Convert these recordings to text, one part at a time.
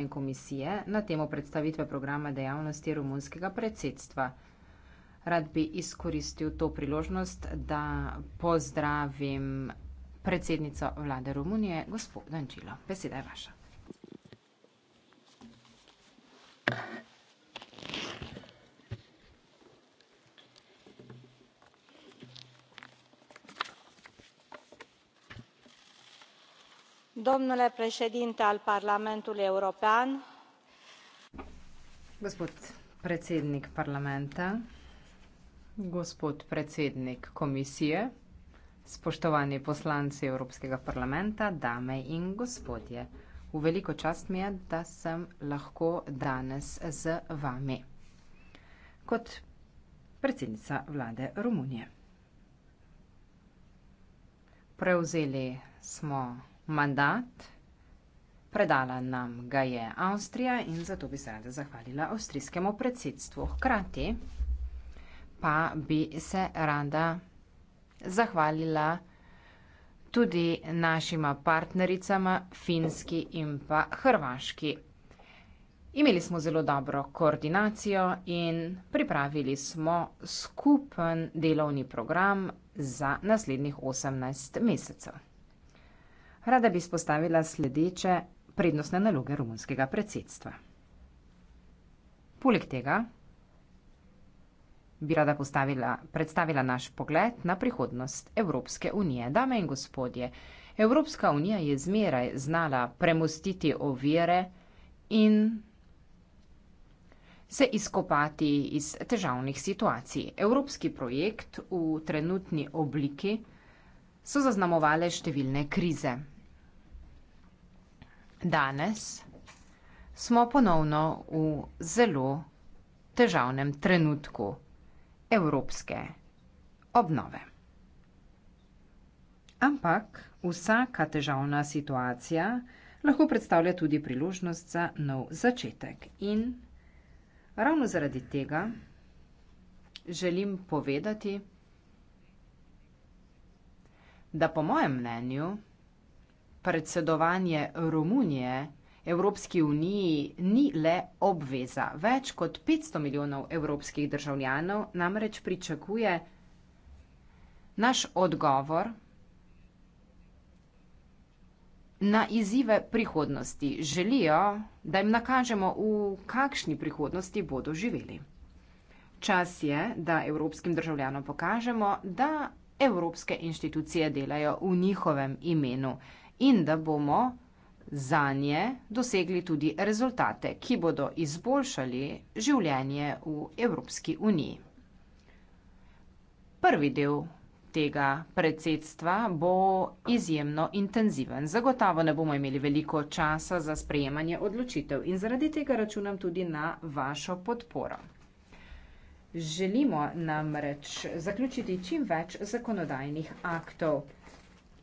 in komisije na temo predstavitve programa dejavnosti romunskega predsedstva. Rad bi izkoristil to priložnost, da pozdravim predsednico vlade Romunije, gospod Dančilo. Beseda je vaša. domnule președinte al parlamentului european gospod predsednik parlamenta gospod predsednik komisije spoštovani poslanci evropskega parlamenta dame in gospodje v veliko čast mi je da sem lahko danes z vami kot predsednica vlade romunije prevzeli smo mandat, predala nam ga je Avstrija in zato bi se rada zahvalila avstrijskemu predsedstvu. Hkrati pa bi se rada zahvalila tudi našima partnericama, finski in pa hrvaški. Imeli smo zelo dobro koordinacijo in pripravili smo skupen delovni program za naslednjih 18 mesecev rada bi spostavila sledeče prednostne naloge rumunskega predsedstva. Poleg tega bi rada postavila, predstavila naš pogled na prihodnost Evropske unije. Dame in gospodje, Evropska unija je zmeraj znala premustiti ovire in se izkopati iz težavnih situacij. Evropski projekt v trenutni obliki so zaznamovale številne krize. Danes smo ponovno v zelo težavnem trenutku evropske obnove. Ampak vsaka težavna situacija lahko predstavlja tudi priložnost za nov začetek. In ravno zaradi tega želim povedati, da po mojem mnenju, predsedovanje Romunije Evropski uniji ni le obveza. Več kot 500 milijonov evropskih državljanov namreč pričakuje naš odgovor na izzive prihodnosti. Želijo, da jim nakažemo, v kakšni prihodnosti bodo živeli. Čas je, da evropskim državljanom pokažemo, da evropske inštitucije delajo v njihovem imenu in da bomo za nje dosegli tudi rezultate, ki bodo izboljšali življenje v Evropski uniji. Prvi del tega predsedstva bo izjemno intenziven. Zagotovo ne bomo imeli veliko časa za sprejemanje odločitev in zaradi tega računam tudi na vašo podporo. Želimo namreč zaključiti čim več zakonodajnih aktov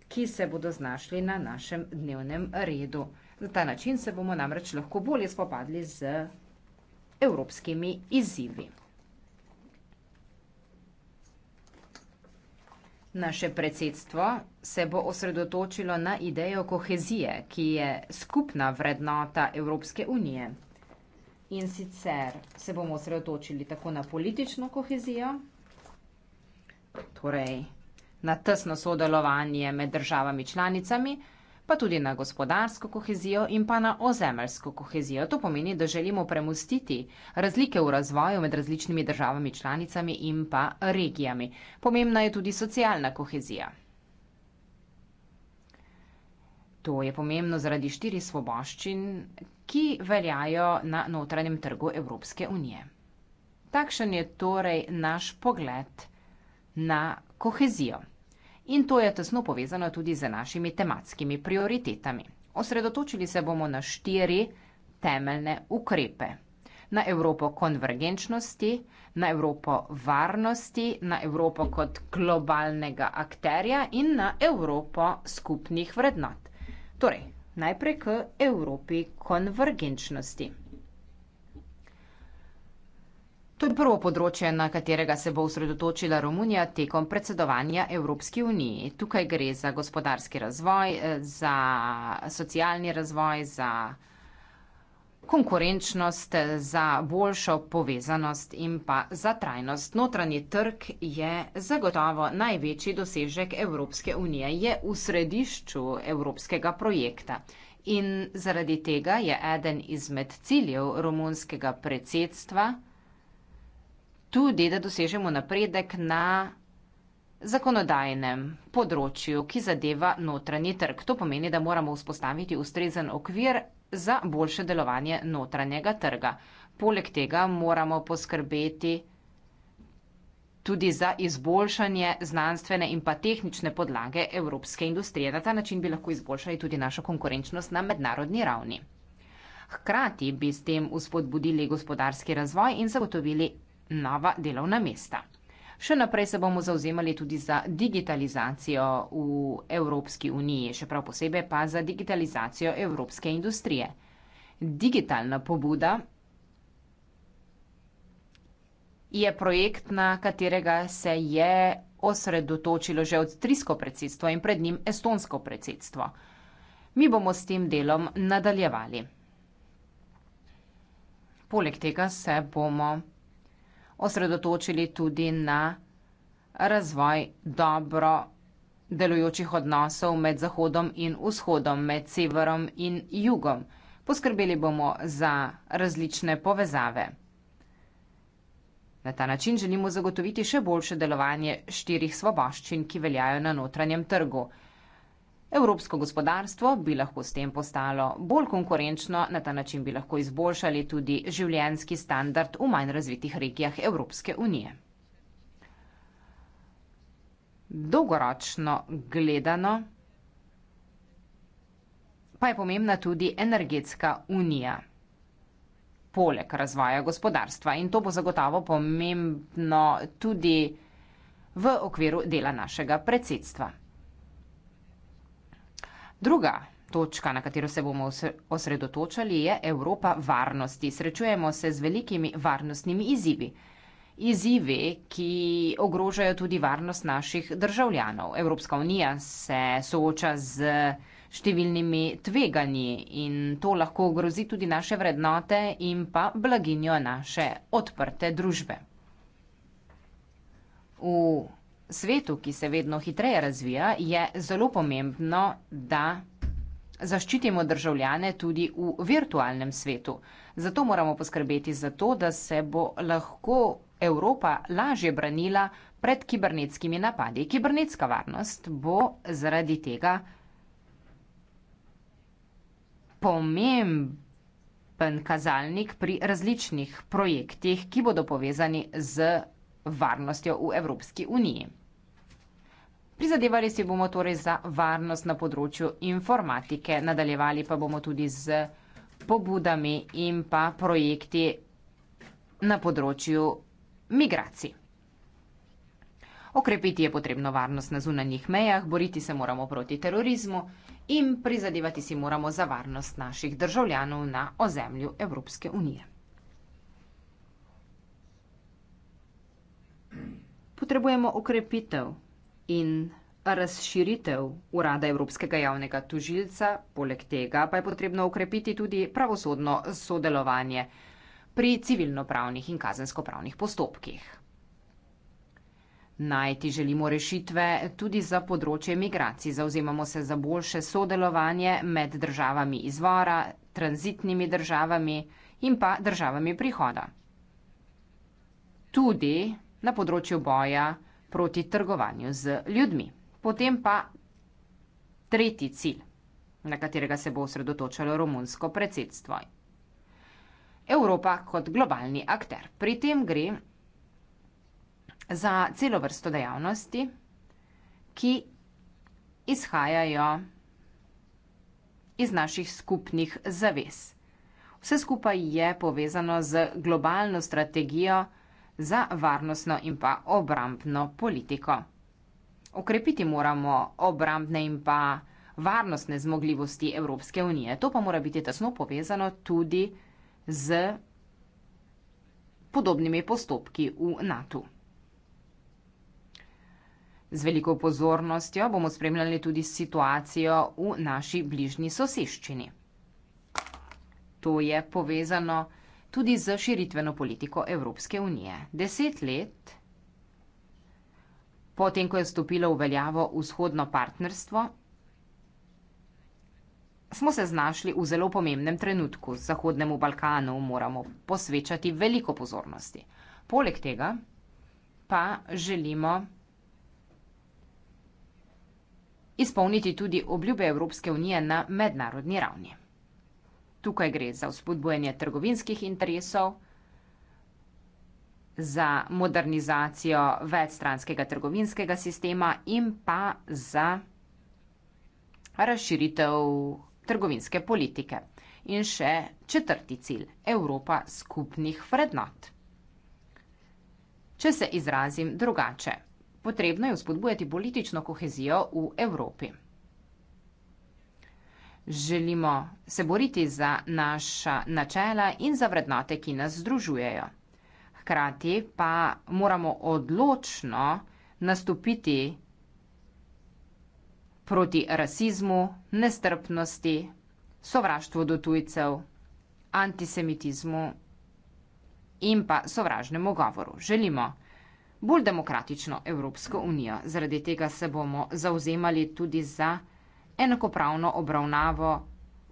ki se bodo znašli na našem dnevnem redu. Na ta način se bomo namreč lahko bolje spopadli z evropskimi izzivi. Naše predsedstvo se bo osredotočilo na idejo kohezije, ki je skupna vrednota Evropske unije. In sicer se bomo osredotočili tako na politično kohezijo, torej vrednota, na tesno sodelovanje med državami članicami, pa tudi na gospodarsko kohezijo in pa na ozemelsko kohezijo. To pomeni, da želimo premustiti razlike v razvoju med različnimi državami članicami in pa regijami. Pomembna je tudi socialna kohezija. To je pomembno zaradi štiri svoboščin, ki veljajo na notranjem trgu Evropske unije. Takšen je torej naš pogled na kohezijo. In to je tesno povezano tudi z našimi tematskimi prioritetami. Osredotočili se bomo na štiri temeljne ukrepe. Na Evropo konvergenčnosti, na Evropo varnosti, na Evropo kot globalnega akterja in na Evropo skupnih vrednot. Torej, najprej k Evropi konvergenčnosti. To je prvo področje, na katerega se bo usredotočila Romunija tekom predsedovanja Evropski uniji. Tukaj gre za gospodarski razvoj, eh, za socialni razvoj, za konkurenčnost, za boljšo povezanost in pa za trajnost. Notranji trg je zagotovo največji dosežek Evropske unije, je v središču evropskega projekta. In zaradi tega je eden izmed ciljev romunskega predsedstva tudi, da dosežemo napredek na zakonodajnem področju, ki zadeva notranji trg. To pomeni, da moramo vzpostaviti ustrezen okvir za boljše delovanje notranjega trga. Poleg tega moramo poskrbeti tudi za izboljšanje znanstvene in pa tehnične podlage evropske industrije. Na ta način bi lahko izboljšali tudi našo konkurenčnost na mednarodni ravni. Hkrati bi s tem uspodbudili gospodarski razvoj in zagotovili nova delovna mesta. Še naprej se bomo zauzemali tudi za digitalizacijo v Evropski uniji, še prav posebej pa za digitalizacijo evropske industrije. Digitalna pobuda je projekt, na katerega se je osredotočilo že od trisko predsedstvo in pred njim estonsko predsedstvo. Mi bomo s tem delom nadaljevali. Poleg tega se bomo osredotočili tudi na razvoj dobro delujočih odnosov med Zahodom in Vzhodom, med Severom in Jugom. Poskrbeli bomo za različne povezave. Na ta način želimo zagotoviti še boljše delovanje štirih svoboščin, ki veljajo na notranjem trgu. Evropsko gospodarstvo bi lahko s tem postalo bolj konkurenčno, na ta način bi lahko izboljšali tudi življenski standard v manj razvitih regijah Evropske unije. Dolgoročno gledano pa je pomembna tudi energetska unija, poleg razvoja gospodarstva in to bo zagotovo pomembno tudi v okviru dela našega predsedstva. Druga točka, na katero se bomo osredotočali, je Evropa varnosti. Srečujemo se z velikimi varnostnimi izzivi. Izzivi, ki ogrožajo tudi varnost naših državljanov. Evropska unija se sooča z številnimi tveganji in to lahko ogrozi tudi naše vrednote in pa blaginjo naše odprte družbe. V svetu, ki se vedno hitreje razvija, je zelo pomembno, da zaščitimo državljane tudi v virtualnem svetu. Zato moramo poskrbeti za to, da se bo lahko Evropa lažje branila pred kibernetskimi napadi. Kibernetska varnost bo zaradi tega pomemben kazalnik pri različnih projektih, ki bodo povezani z varnostjo v Evropski uniji. Prizadevali si bomo torej za varnost na področju informatike, nadaljevali pa bomo tudi z pobudami in pa projekti na področju migracij. Okrepiti je potrebno varnost na zunanjih mejah, boriti se moramo proti terorizmu in prizadevati si moramo za varnost naših državljanov na ozemlju Evropske unije. potrebujemo okrepitev in razširitev urada Evropskega javnega tužilca, poleg tega pa je potrebno okrepiti tudi pravosodno sodelovanje pri civilnopravnih in kazenskopravnih postopkih. Najti želimo rešitve tudi za področje migracij. Zauzemamo se za boljše sodelovanje med državami izvora, tranzitnimi državami in pa državami prihoda. Tudi na področju boja proti trgovanju z ljudmi. Potem pa tretji cilj, na katerega se bo osredotočalo romunsko predsedstvo. Evropa kot globalni akter. Pri tem gre za celo vrsto dejavnosti, ki izhajajo iz naših skupnih zavez. Vse skupaj je povezano z globalno strategijo, za varnostno in pa obrambno politiko. Okrepiti moramo obrambne in pa varnostne zmogljivosti Evropske unije. To pa mora biti tesno povezano tudi z podobnimi postopki v NATO. Z veliko pozornostjo bomo spremljali tudi situacijo v naši bližnji soseščini. To je povezano tudi z širitveno politiko Evropske unije. Deset let potem, ko je stopilo v veljavo vzhodno partnerstvo, smo se znašli v zelo pomembnem trenutku. Zahodnemu Balkanu moramo posvečati veliko pozornosti. Poleg tega pa želimo izpolniti tudi obljube Evropske unije na mednarodni ravni. Tukaj gre za vzpodbojanje trgovinskih interesov, za modernizacijo večstranskega trgovinskega sistema in pa za razširitev trgovinske politike. In še četrti cilj - Evropa skupnih vrednot. Če se izrazim drugače, potrebno je vzpodbujati politično kohezijo v Evropi. Želimo se boriti za naša načela in za vrednote, ki nas združujejo. Hkrati pa moramo odločno nastopiti proti rasizmu, nestrpnosti, sovraštvu do tujcev, antisemitizmu in pa sovražnemu govoru. Želimo bolj demokratično Evropsko unijo. Zaradi tega se bomo zauzemali tudi za enakopravno obravnavo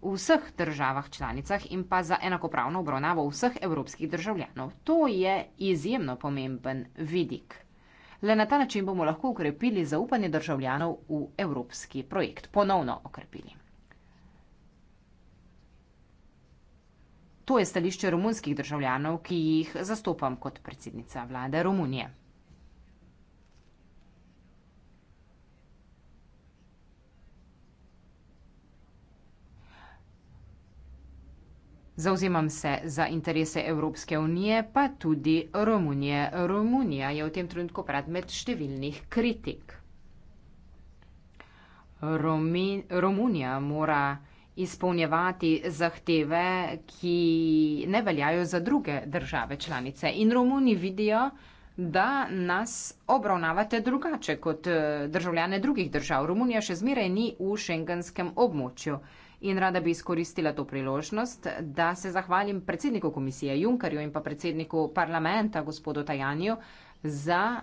v vseh državah članicah in pa za enakopravno obravnavo vseh evropskih državljanov. To je izjemno pomemben vidik. Le na ta način bomo lahko ukrepili zaupanje državljanov v evropski projekt, ponovno okrepili. To je stališče romunskih državljanov, ki jih zastopam kot predsednica vlade Romunije. Zauzemam se za interese Evropske unije, pa tudi Romunije. Romunija je v tem trenutku predmet številnih kritik. Romi, Romunija mora izpolnjevati zahteve, ki ne veljajo za druge države članice. In Romuni vidijo, da nas obravnavate drugače kot eh, državljane drugih držav. Romunija še zmeraj ni v šengenskem območju in rada bi izkoristila to priložnost, da se zahvalim predsedniku komisije Junkarju in pa predsedniku parlamenta gospodu Tajanju za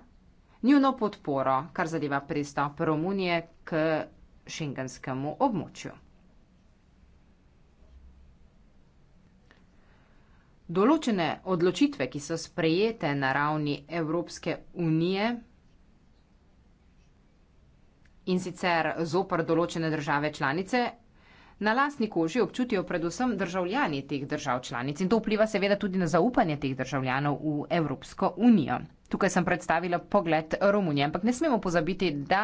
njuno podporo, kar zadeva pristop Romunije k šengenskemu območju. Določene odločitve, ki so sprejete na ravni Evropske unije in sicer zopr določene države članice, Na lastni koži občutijo predvsem državljani teh držav članic in to vpliva seveda tudi na zaupanje teh državljanov v Evropsko unijo. Tukaj sem predstavila pogled Romunije, ampak ne smemo pozabiti, da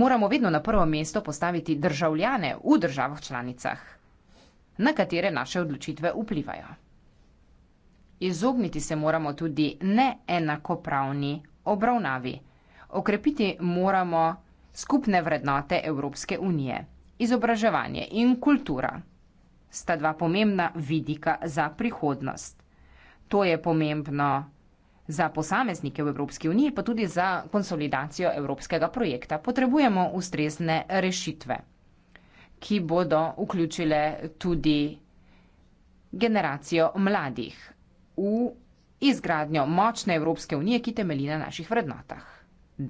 moramo vedno na prvo mesto postaviti državljane v državah članicah, na katere naše odločitve vplivajo. Izogniti se moramo tudi neenakopravni obravnavi. Okrepiti moramo skupne vrednote Evropske unije izobraževanje in kultura sta dva pomembna vidika za prihodnost. To je pomembno za posameznike v Evropski uniji, pa tudi za konsolidacijo evropskega projekta. Potrebujemo ustrezne rešitve, ki bodo vključile tudi generacijo mladih v izgradnjo močne Evropske unije, ki temelji na naših vrednotah.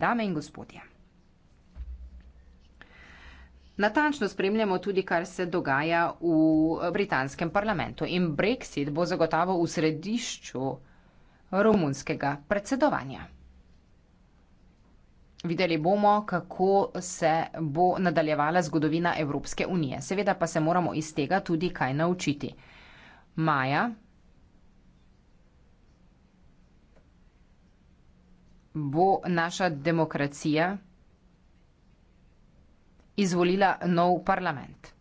Dame in gospodje. Natančno spremljamo tudi, kar se dogaja v eh, britanskem parlamentu in Brexit bo zagotovo v središču romunskega predsedovanja. Videli bomo, kako se bo nadaljevala zgodovina Evropske unije. Seveda pa se moramo iz tega tudi kaj naučiti. Maja bo naša demokracija izvolila nov parlament.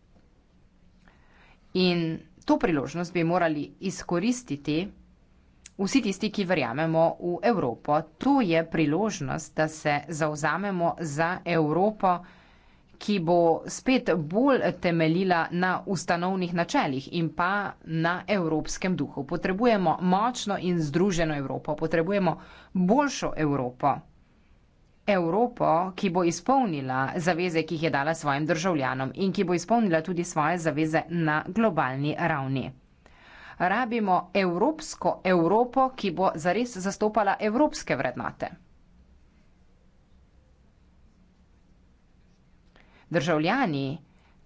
In to priložnost bi morali izkoristiti vsi tisti, ki verjamemo v Evropo. To je priložnost, da se zauzamemo za Evropo, ki bo spet bolj temeljila na ustanovnih načeljih in pa na evropskem duhu. Potrebujemo močno in združeno Evropo, potrebujemo boljšo Evropo. Evropo, ki bo izpolnila zaveze, ki jih je dala svojim državljanom in ki bo izpolnila tudi svoje zaveze na globalni ravni. Rabimo evropsko Evropo, ki bo zares zastopala evropske vrednote. Državljani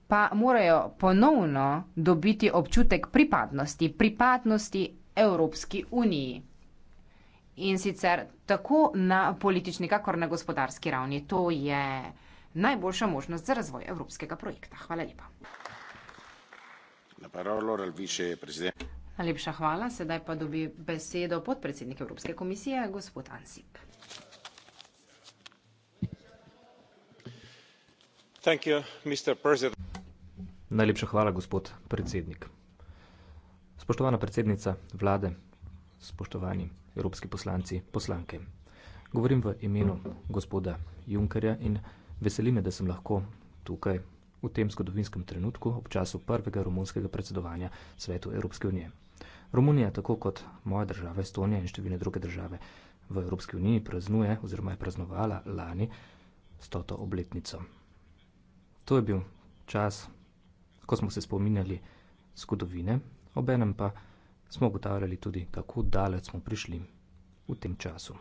pa morajo ponovno dobiti občutek pripadnosti, pripadnosti Evropski uniji. In sicer tako na politični, kakor na gospodarski ravni. To je najboljša možnost za razvoj evropskega projekta. Hvala lepa. Najlepša hvala. Sedaj pa dobi besedo podpredsednik Evropske komisije, gospod Ansip. You, Najlepša hvala, gospod predsednik. Spoštovana predsednica vlade, spoštovani evropski poslanci, poslanke. Govorim v imenu gospoda Junkerja in veseli me, da sem lahko tukaj v tem zgodovinskem trenutku ob času prvega romunskega predsedovanja svetu Evropske unije. Romunija, tako kot moja država Estonija in številne druge države v Evropski uniji, praznuje oziroma je praznovala lani stoto obletnico. To je bil čas, ko smo se spominjali zgodovine, obenem pa smo ugotavljali tudi, kako daleč smo prišli v tem času.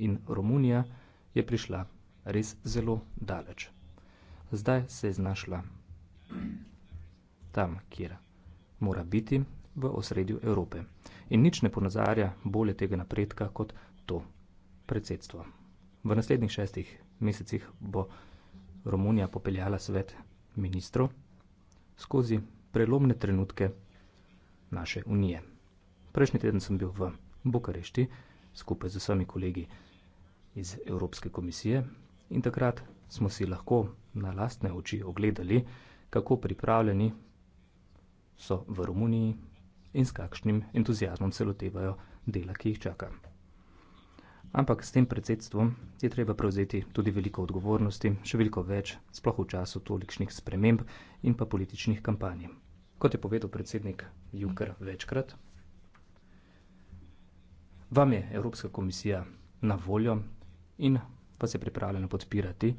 In Romunija je prišla res zelo daleč. Zdaj se je znašla tam, kjer mora biti, v osredju Evrope. In nič ne ponazarja bolje tega napredka kot to predsedstvo. V naslednjih šestih mesecih bo Romunija popeljala svet ministrov skozi prelomne trenutke naše unije. Prejšnji teden sem bil v Bukarešti skupaj z vsemi kolegi iz Evropske komisije in takrat smo si lahko na lastne oči ogledali, kako pripravljeni so v Romuniji in s kakšnim entuzijazmom se lotevajo dela, ki jih čaka. Ampak s tem predsedstvom je treba prevzeti tudi veliko odgovornosti, še veliko več, sploh v času tolikšnih sprememb in pa političnih kampanj kot je povedal predsednik Juncker večkrat, vam je Evropska komisija na voljo in vas je pripravljena podpirati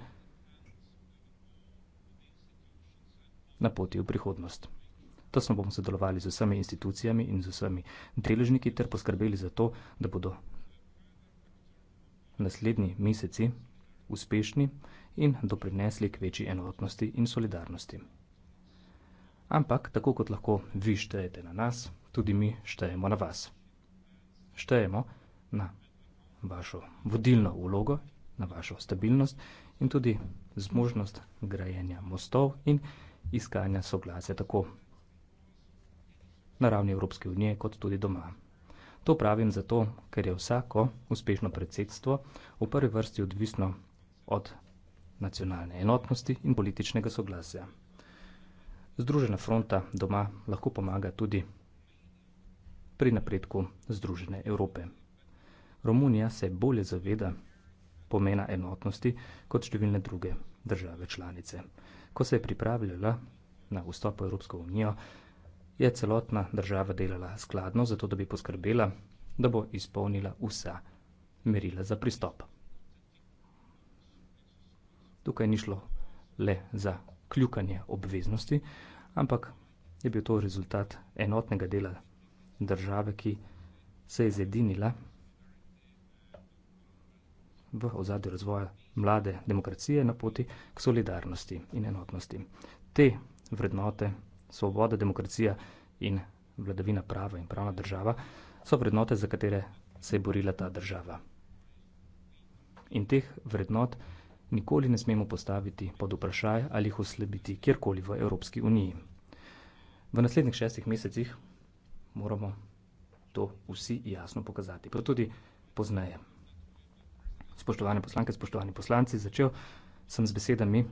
na poti v prihodnost. Tesno bomo sodelovali z vsemi institucijami in z vsemi deležniki ter poskrbeli za to, da bodo naslednji meseci uspešni in doprinesli k večji enotnosti in solidarnosti. Ampak tako kot lahko vi štejete na nas, tudi mi štejemo na vas. Štejemo na vašo vodilno vlogo, na vašo stabilnost in tudi zmožnost grajenja mostov in iskanja soglasja tako na ravni Evropske unije kot tudi doma. To pravim zato, ker je vsako uspešno predsedstvo v prvi vrsti odvisno od nacionalne enotnosti in političnega soglasja. Združena fronta doma lahko pomaga tudi pri napredku Združene Evrope. Romunija se bolje zaveda pomena enotnosti kot številne druge države članice. Ko se je pripravljala na vstop v Evropsko unijo, je celotna država delala skladno, zato da bi poskrbela, da bo izpolnila vsa merila za pristop. Tukaj ni šlo le za kljukanje obveznosti, ampak je bil to rezultat enotnega dela države, ki se je zedinila v ozadju razvoja mlade demokracije na poti k solidarnosti in enotnosti. Te vrednote, svoboda, demokracija in vladavina prava in pravna država, so vrednote, za katere se je borila ta država. In teh vrednot, ki nikoli ne smemo postaviti pod vprašaj ali jih oslabiti kjerkoli v Evropski uniji. V naslednjih šestih mesecih moramo to vsi jasno pokazati, pa tudi poznaje. Spoštovane poslanke, spoštovani poslanci, začel sem z besedami,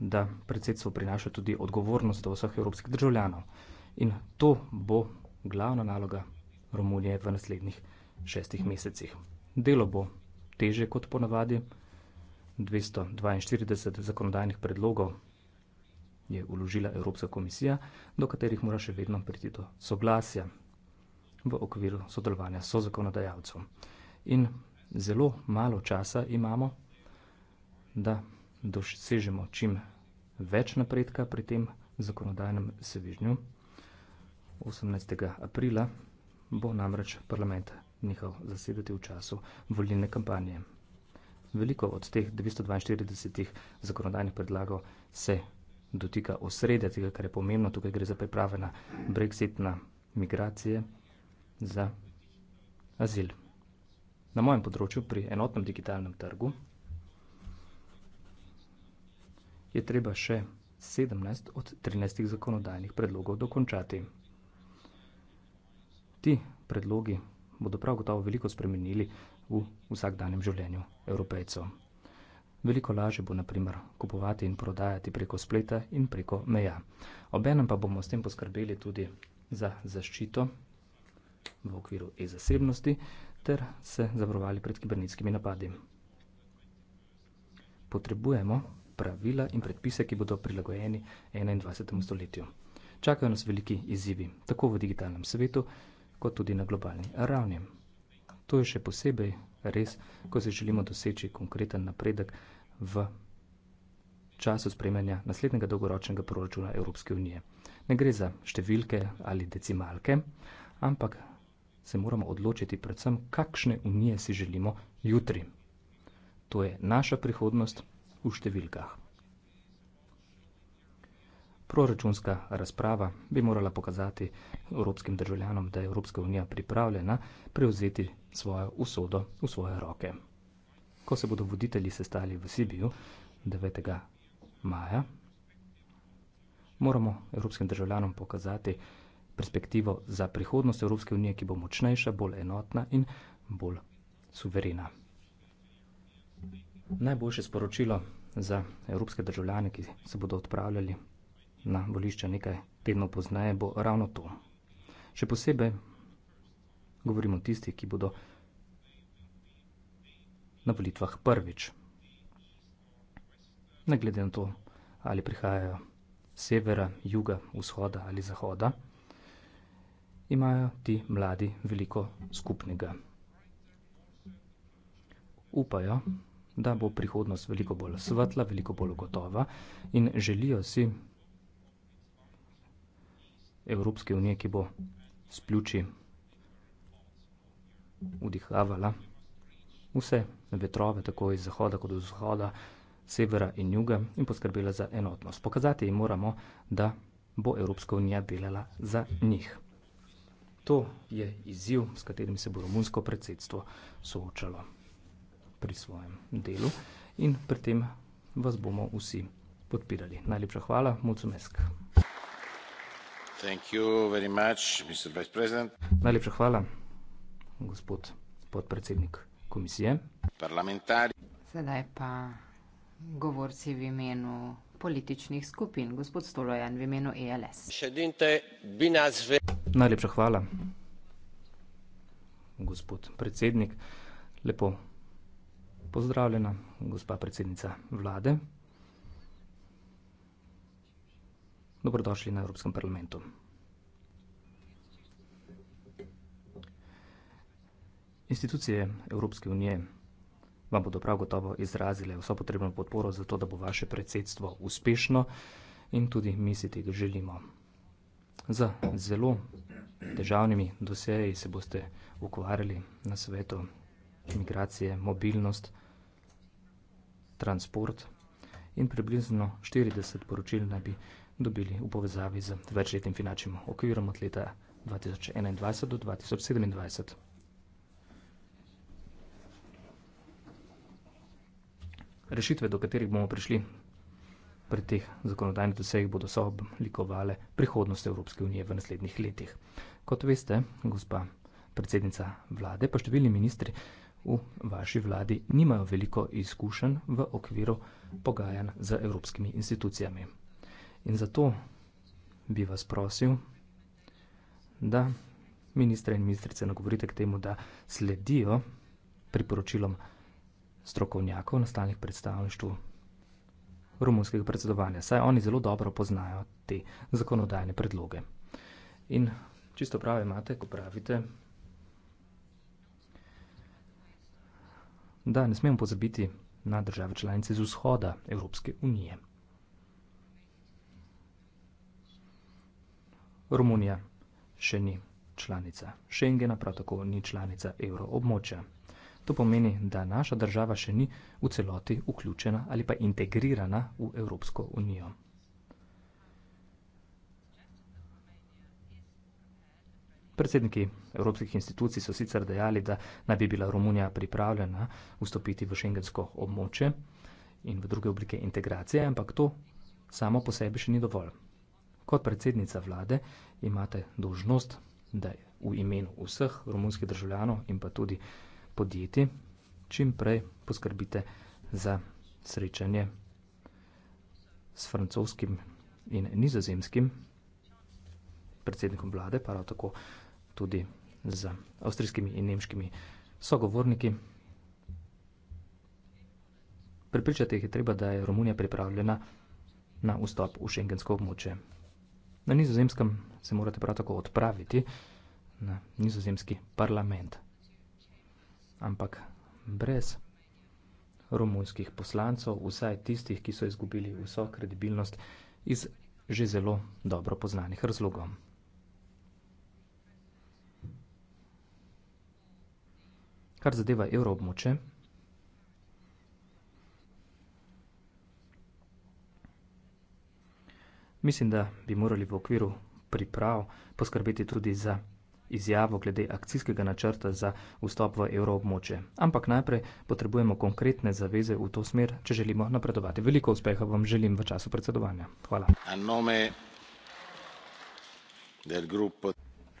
da predsedstvo prinaša tudi odgovornost do vseh evropskih državljanov. In to bo glavna naloga Romunije v naslednjih šestih mesecih. Delo bo teže kot ponavadi, 242 zakonodajnih predlogov je uložila Evropska komisija, do katerih mora še vedno priti do soglasja v okviru sodelovanja so zakonodajalcev. In zelo malo časa imamo, da dosežemo čim več napredka pri tem zakonodajnem sevižnju. 18. aprila bo namreč parlament nehal zasedati v času volilne kampanje veliko od teh 242 zakonodajnih predlagov se dotika osredja tega, kar je pomembno. Tukaj gre za priprave na brexit, na migracije, za azil. Na mojem področju pri enotnem digitalnem trgu je treba še 17 od 13 zakonodajnih predlogov dokončati. Ti predlogi bodo prav gotovo veliko spremenili v vsakdanjem življenju evropejcev. Veliko lažje bo, naprimer, kupovati in prodajati preko spleta in preko meja. Obenem pa bomo s tem poskrbeli tudi za zaščito v okviru e-zasebnosti ter se zavarovali pred kibernetskimi napadi. Potrebujemo pravila in predpise, ki bodo prilagojeni 21. stoletju. Čakajo nas veliki izzivi, tako v digitalnem svetu, kot tudi na globalni ravni. To je še posebej res, ko se želimo doseči konkreten napredek v času spremenja naslednjega dolgoročnega proračuna Evropske unije. Ne gre za številke ali decimalke, ampak se moramo odločiti predvsem, kakšne unije si želimo jutri. To je naša prihodnost v številkah. Proračunska razprava bi morala pokazati evropskim državljanom, da je Evropska unija pripravljena prevzeti svojo usodo v svoje roke. Ko se bodo voditelji sestali v Sibiju 9. maja, moramo evropskim državljanom pokazati perspektivo za prihodnost Evropske unije, ki bo močnejša, bolj enotna in bolj suverena. Najboljše sporočilo za evropske državljane, ki se bodo odpravljali na bolišče nekaj tednov pozneje, bo ravno to. Še posebej govorimo tisti, ki bodo na volitvah prvič. Ne glede na to, ali prihajajo severa, juga, vzhoda ali zahoda, imajo ti mladi veliko skupnega. Upajo, da bo prihodnost veliko bolj svetla, veliko bolj gotova in želijo si, Evropske unije, ki bo s pljuči vdihavala vse vetrove, tako iz zahoda kot iz vzhoda, severa in juga in poskrbela za enotnost. Pokazati jim moramo, da bo Evropska unija delala za njih. To je izziv, s katerim se bo romunsko predsedstvo soočalo pri svojem delu in pri tem vas bomo vsi podpirali. Najlepša hvala, Mucumesk. Najlepša hvala, gospod podpredsednik komisije. Sedaj pa govorci v imenu političnih skupin, gospod Stolojan v imenu ELS. Najlepša hvala, gospod predsednik. Lepo pozdravljena, gospa predsednica vlade. Dobrodošli na Evropskem parlamentu. Institucije Evropske unije vam bodo prav gotovo izrazile vso potrebno podporo za to, da bo vaše predsedstvo uspešno in tudi mi si tega želimo. Za zelo težavnimi doseji se boste ukvarjali na svetu migracije, mobilnost, transport in približno 40 poročil naj bi vsega dobili v povezavi z večletnim finančnim okvirom od leta 2021 do 2027. Rešitve, do katerih bomo prišli pri teh zakonodajnih dosegih, bodo sooblikovale prihodnost Evropske unije v naslednjih letih. Kot veste, gospa predsednica vlade, pa številni ministri v vaši vladi nimajo veliko izkušenj v okviru pogajanj z evropskimi institucijami. In zato bi vas prosil, da ministre in ministrice nagovorite k temu, da sledijo priporočilom strokovnjakov na stalnih predstavništvu rumunskega predsedovanja. Saj oni zelo dobro poznajo te zakonodajne predloge. In čisto prav imate, ko pravite, da ne smemo pozabiti na države članice z vzhoda Evropske unije. Romunija še ni članica Schengena, prav tako ni članica evroobmočja. To pomeni, da naša država še ni v celoti vključena ali pa integrirana v Evropsko unijo. Predsedniki evropskih institucij so sicer dejali, da naj bi bila Romunija pripravljena vstopiti v šengensko območje in v druge oblike integracije, ampak to samo po sebi še ni dovolj. Kot predsednica vlade imate dožnost, da v imenu vseh romunskih državljanov in pa tudi podjetij čim prej poskrbite za srečanje s francoskim in nizozemskim predsednikom vlade, pa prav tako tudi z avstrijskimi in nemškimi sogovorniki. Pripričati jih je treba, da je Romunija pripravljena na vstop v šengensko območje. Na nizozemskem se morate prav tako odpraviti na nizozemski parlament. Ampak brez romunskih poslancov, vsaj tistih, ki so izgubili vso kredibilnost iz že zelo dobro poznanih razlogov. Kar zadeva evroobmoče, Mislim, da bi morali v okviru priprav poskrbeti tudi za izjavo glede akcijskega načrta za vstop v evroobmoče. Ampak najprej potrebujemo konkretne zaveze v to smer, če želimo napredovati. Veliko uspeha vam želim v času predsedovanja. Hvala.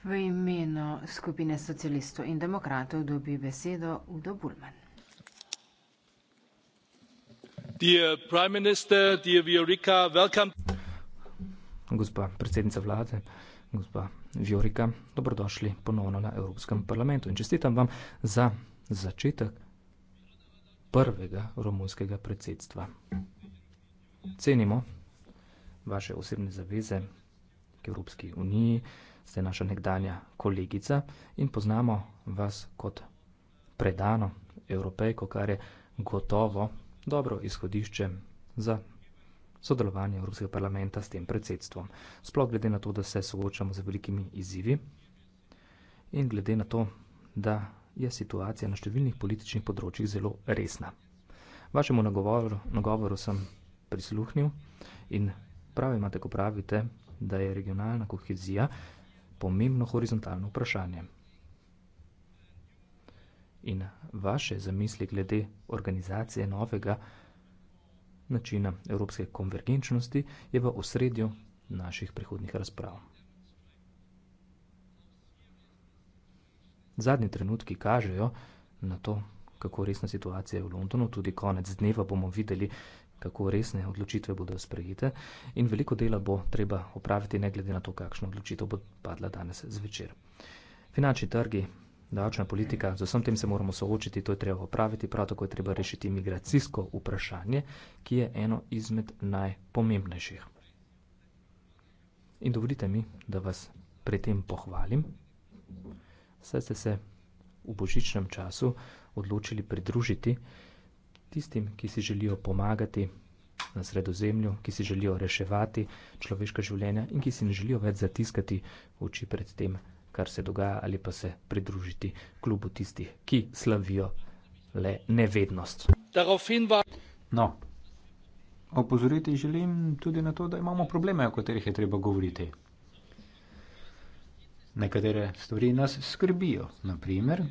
V imenu skupine socialistov in demokratov dobi besedo Udo Bulman. Dear Prime Minister, dear Viorica, welcome gospa predsednica vlade, gospa Viorika, dobrodošli ponovno na Evropskem parlamentu in čestitam vam za začetek prvega romunskega predsedstva. Cenimo vaše osebne zaveze k Evropski uniji, ste naša nekdanja kolegica in poznamo vas kot predano evropejko, kar je gotovo dobro izhodišče za sodelovanje Evropskega parlamenta s tem predsedstvom. Sploh glede na to, da se soočamo z velikimi izzivi in glede na to, da je situacija na številnih političnih področjih zelo resna. Vašemu nagovoru, nagovoru sem prisluhnil in prav imate, ko pravite, da je regionalna kohezija pomembno horizontalno vprašanje. In vaše zamisli glede organizacije novega načina evropske konvergenčnosti je v osredju naših prihodnih razprav. Zadnji trenutki kažejo na to, kako resna situacija je v Londonu, tudi konec dneva bomo videli, kako resne odločitve bodo sprejete in veliko dela bo treba opraviti, ne glede na to, kakšno odločitev bo padla danes zvečer. Finančni trgi davčna politika, z vsem tem se moramo soočiti, to je treba opraviti, prav tako je treba rešiti migracijsko vprašanje, ki je eno izmed najpomembnejših. In dovolite mi, da vas pri tem pohvalim, saj ste se v božičnem času odločili pridružiti tistim, ki si želijo pomagati na sredozemlju, ki si želijo reševati človeška življenja in ki si ne želijo več zatiskati oči pred tem kar se dogaja, ali pa se pridružiti klubu tistih, ki slavijo le nevednost. No, opozoriti želim tudi na to, da imamo probleme, o katerih je treba govoriti. Nekatere stvari nas skrbijo, naprimer.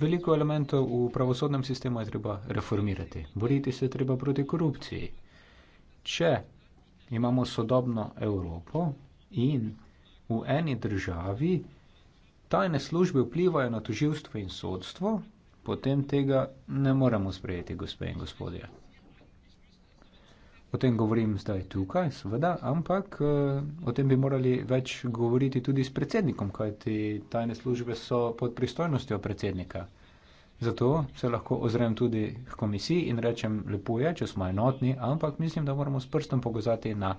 Veliko elementov v pravosodnem sistemu je treba reformirati, boriti se treba proti korupciji. Če imamo sodobno Evropo in v eni državi, tajne službe vplivajo na toživstvo in sodstvo, potem tega ne moremo sprejeti, gospe in gospodje. O tem govorim zdaj tukaj, seveda, ampak eh, o tem bi morali več govoriti tudi s predsednikom, kajti tajne službe so pod pristojnostjo predsednika. Zato se lahko ozrem tudi k komisiji in rečem, lepo je, če smo enotni, ampak mislim, da moramo s prstom pogozati na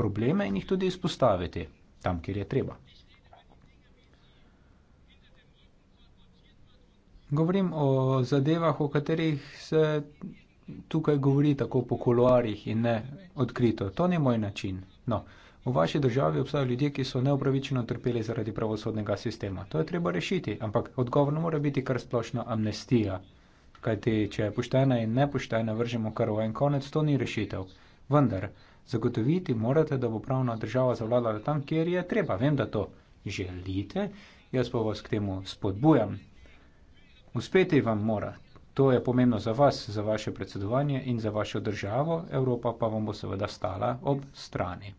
probleme in jih tudi izpostaviti tam, kjer je treba. Govorim o zadevah, o katerih se tukaj govori tako po kuloarjih in ne odkrito. To ni moj način. No, v vaši državi obstajajo ljudje, ki so neupravičeno trpeli zaradi pravosodnega sistema. To je treba rešiti, ampak odgovor ne more biti kar splošna amnestija. Kajti, če je poštena in nepoštena, vržemo kar v en konec, to ni rešitev. Vendar. Zagotoviti morate, da bo pravna država zavladala tam, kjer je treba. Vem, da to želite, jaz pa vas k temu spodbujam. Uspeti vam mora. To je pomembno za vas, za vaše predsedovanje in za vašo državo, Evropa pa vam bo seveda stala ob strani.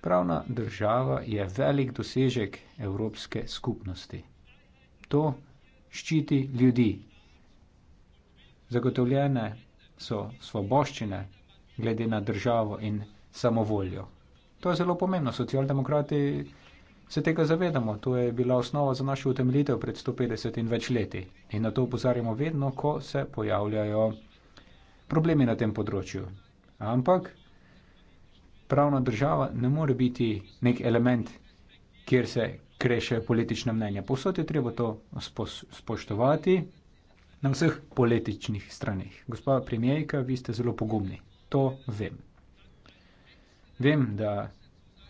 Pravna država je velik dosežek Evropske skupnosti. To ščiti ljudi. Zagotovljene so svoboščine, glede na državo in samovoljo. To je zelo pomembno. Socialdemokrati se tega zavedamo. To je bila osnova za našo utemeljitev pred 150 in več leti. In na to upozarjamo vedno, ko se pojavljajo problemi na tem področju. Ampak pravna država ne more biti nek element, kjer se krešejo politične mnenja. Posod je treba to spoštovati na vseh političnih straneh. Gospa premijejka, vi ste zelo pogumni. To vem. Vem, da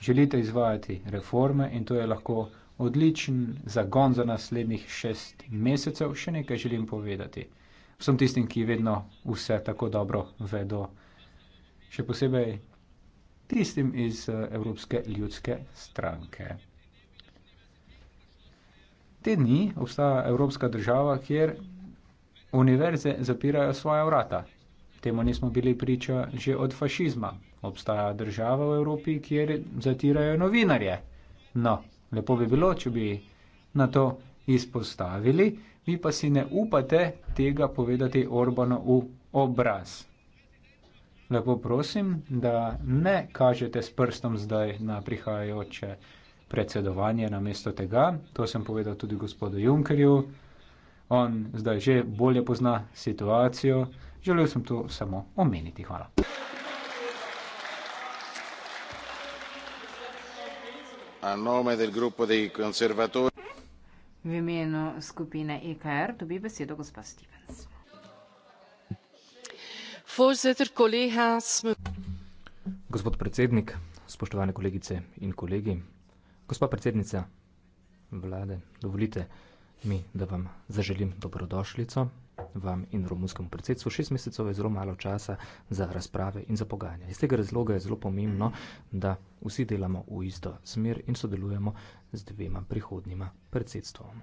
želite izvajati reforme in to je lahko odličen zagon za naslednjih šest mesecev. Še nekaj želim povedati. Vsem tistim, ki vedno vse tako dobro vedo. Še posebej tistim iz Evropske ljudske stranke. Te dni obstaja Evropska država, kjer univerze zapirajo svoje vrata. Temu nismo bili priča že od fašizma. Obstaja država v Evropi, kjer zatirajo novinarje. No, lepo bi bilo, če bi na to izpostavili, vi pa si ne upate tega povedati Orbano v obraz. Lepo prosim, da ne kažete s prstom zdaj na prihajajoče predsedovanje na mesto tega. To sem povedal tudi gospodu Junkerju. On zdaj že bolje pozna situacijo. Želel sem to samo omeniti. Hvala. V imenu skupine EKR dobi besedo gospa Stevens. Gospod predsednik, spoštovane kolegice in kolegi, gospa predsednica vlade, dovolite mi, da vam zaželim dobrodošljico vam in romunskemu predsedstvu. Šest mesecev je zelo malo časa za razprave in za pogajanja. Iz tega razloga je zelo pomembno, da vsi delamo v isto smer in sodelujemo z dvema prihodnjima predsedstvom.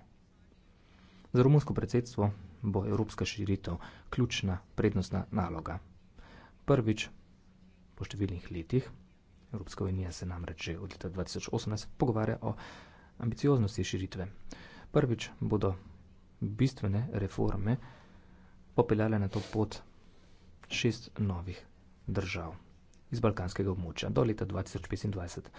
Za romunsko predsedstvo bo evropska širitev ključna prednostna naloga. Prvič po številnih letih, Evropska unija se namreč že od leta 2018 pogovarja o ambicioznosti širitve. Prvič bodo bistvene reforme popeljale na to pot šest novih držav iz balkanskega območja do leta 2025.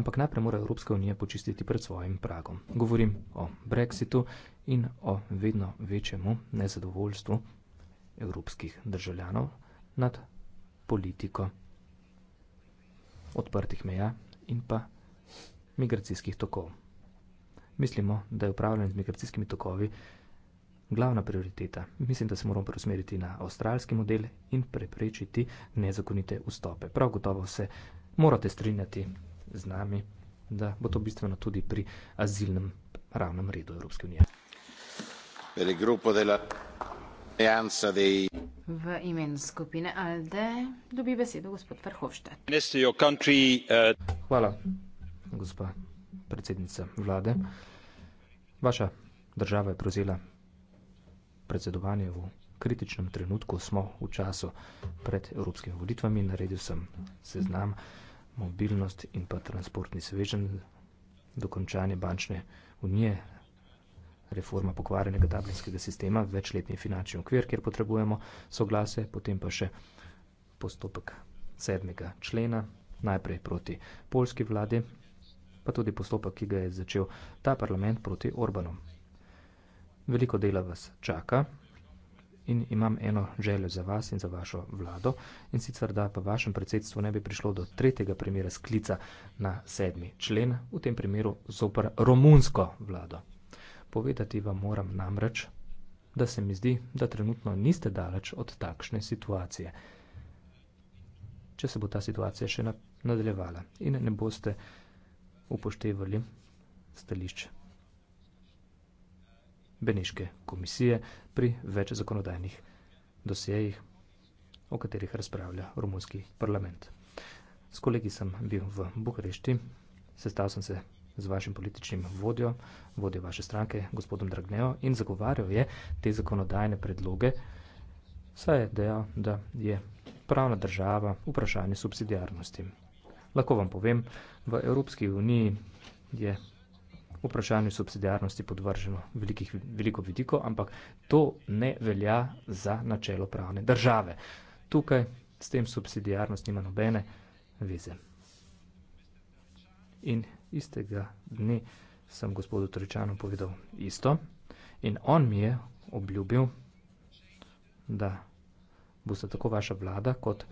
Ampak najprej mora Evropska unija počistiti pred svojim pragom. Govorim o brexitu in o vedno večjemu nezadovoljstvu evropskih državljanov nad politiko odprtih meja in pa migracijskih tokov. Mislimo, da je upravljanje z migracijskimi tokovi glavna prioriteta. Mislim, da se moramo preusmeriti na avstralski model in preprečiti nezakonite vstope. Prav gotovo se morate strinjati z nami, da bo to bistveno tudi pri azilnem ravnem redu Evropske unije. V imenu skupine Alde dobi besedo gospod Verhofstadt. Uh- Hvala, gospa predsednica vlade. Vaša država je prevzela predsedovanje v kritičnem trenutku, smo v času pred evropskimi volitvami, naredil sem seznam mobilnost in pa transportni svežen, dokončanje bančne unije, reforma pokvarjenega tablinskega sistema, večletni finančni okvir, kjer potrebujemo soglase, potem pa še postopek sedmega člena, najprej proti polski vladi, pa tudi postopek, ki ga je začel ta parlament proti Orbanu. Veliko dela vas čaka in imam eno željo za vas in za vašo vlado in sicer, da pa vašem predsedstvu ne bi prišlo do tretjega primera sklica na sedmi člen, v tem primeru zopr romunsko vlado. Povedati vam moram namreč, da se mi zdi, da trenutno niste daleč od takšne situacije. Če se bo ta situacija še nadaljevala in ne boste upoštevali stališče Beneške komisije pri več zakonodajnih dosejih, o katerih razpravlja romunski parlament. S kolegi sem bil v Bukarešti, sestal sem se z vašim političnim vodjo, vodjo vaše stranke, gospodom Dragneo, in zagovarjal je te zakonodajne predloge, saj je dejal, da je pravna država vprašanje subsidiarnosti. Lahko vam povem, v Evropski uniji je vprašanju subsidijarnosti podvrženo velikih, veliko vidiko, ampak to ne velja za načelo pravne države. Tukaj s tem subsidijarnost nima nobene veze. In istega dne sem gospodu Turičanu povedal isto in on mi je obljubil, da bo se tako vaša vlada kot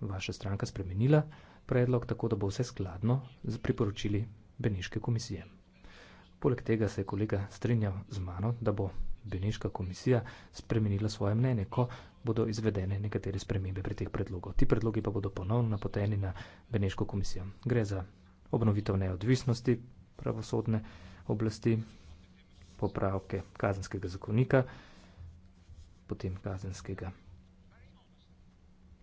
vaša stranka spremenila predlog, tako da bo vse skladno z priporočili Beniške komisije. Poleg tega se je kolega strinjal z mano, da bo Beneška komisija spremenila svoje mnenje, ko bodo izvedene nekatere spremembe pri teh predlogov. Ti predlogi pa bodo ponovno napoteni na Beneško komisijo. Gre za obnovitev neodvisnosti pravosodne oblasti, popravke kazenskega zakonika, potem kazenskega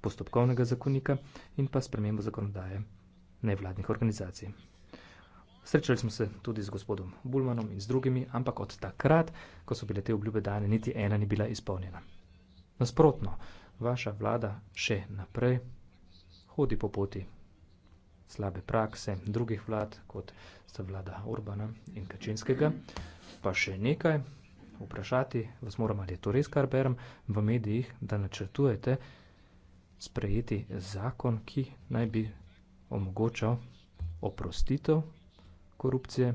postopkovnega zakonika in pa spremembo zakonodaje nevladnih organizacij. Srečali smo se tudi z gospodom Bulmanom in z drugimi, ampak od takrat, ko so bile te obljube dane, niti ena ni bila izpolnjena. Nasprotno, vaša vlada še naprej hodi po poti slabe prakse drugih vlad, kot sta vlada Urbana in Kačinskega. Pa še nekaj, vprašati vas moram, ali je to res, kar berem v medijih, da načrtujete sprejeti zakon, ki naj bi omogočal oprostitev korupcije.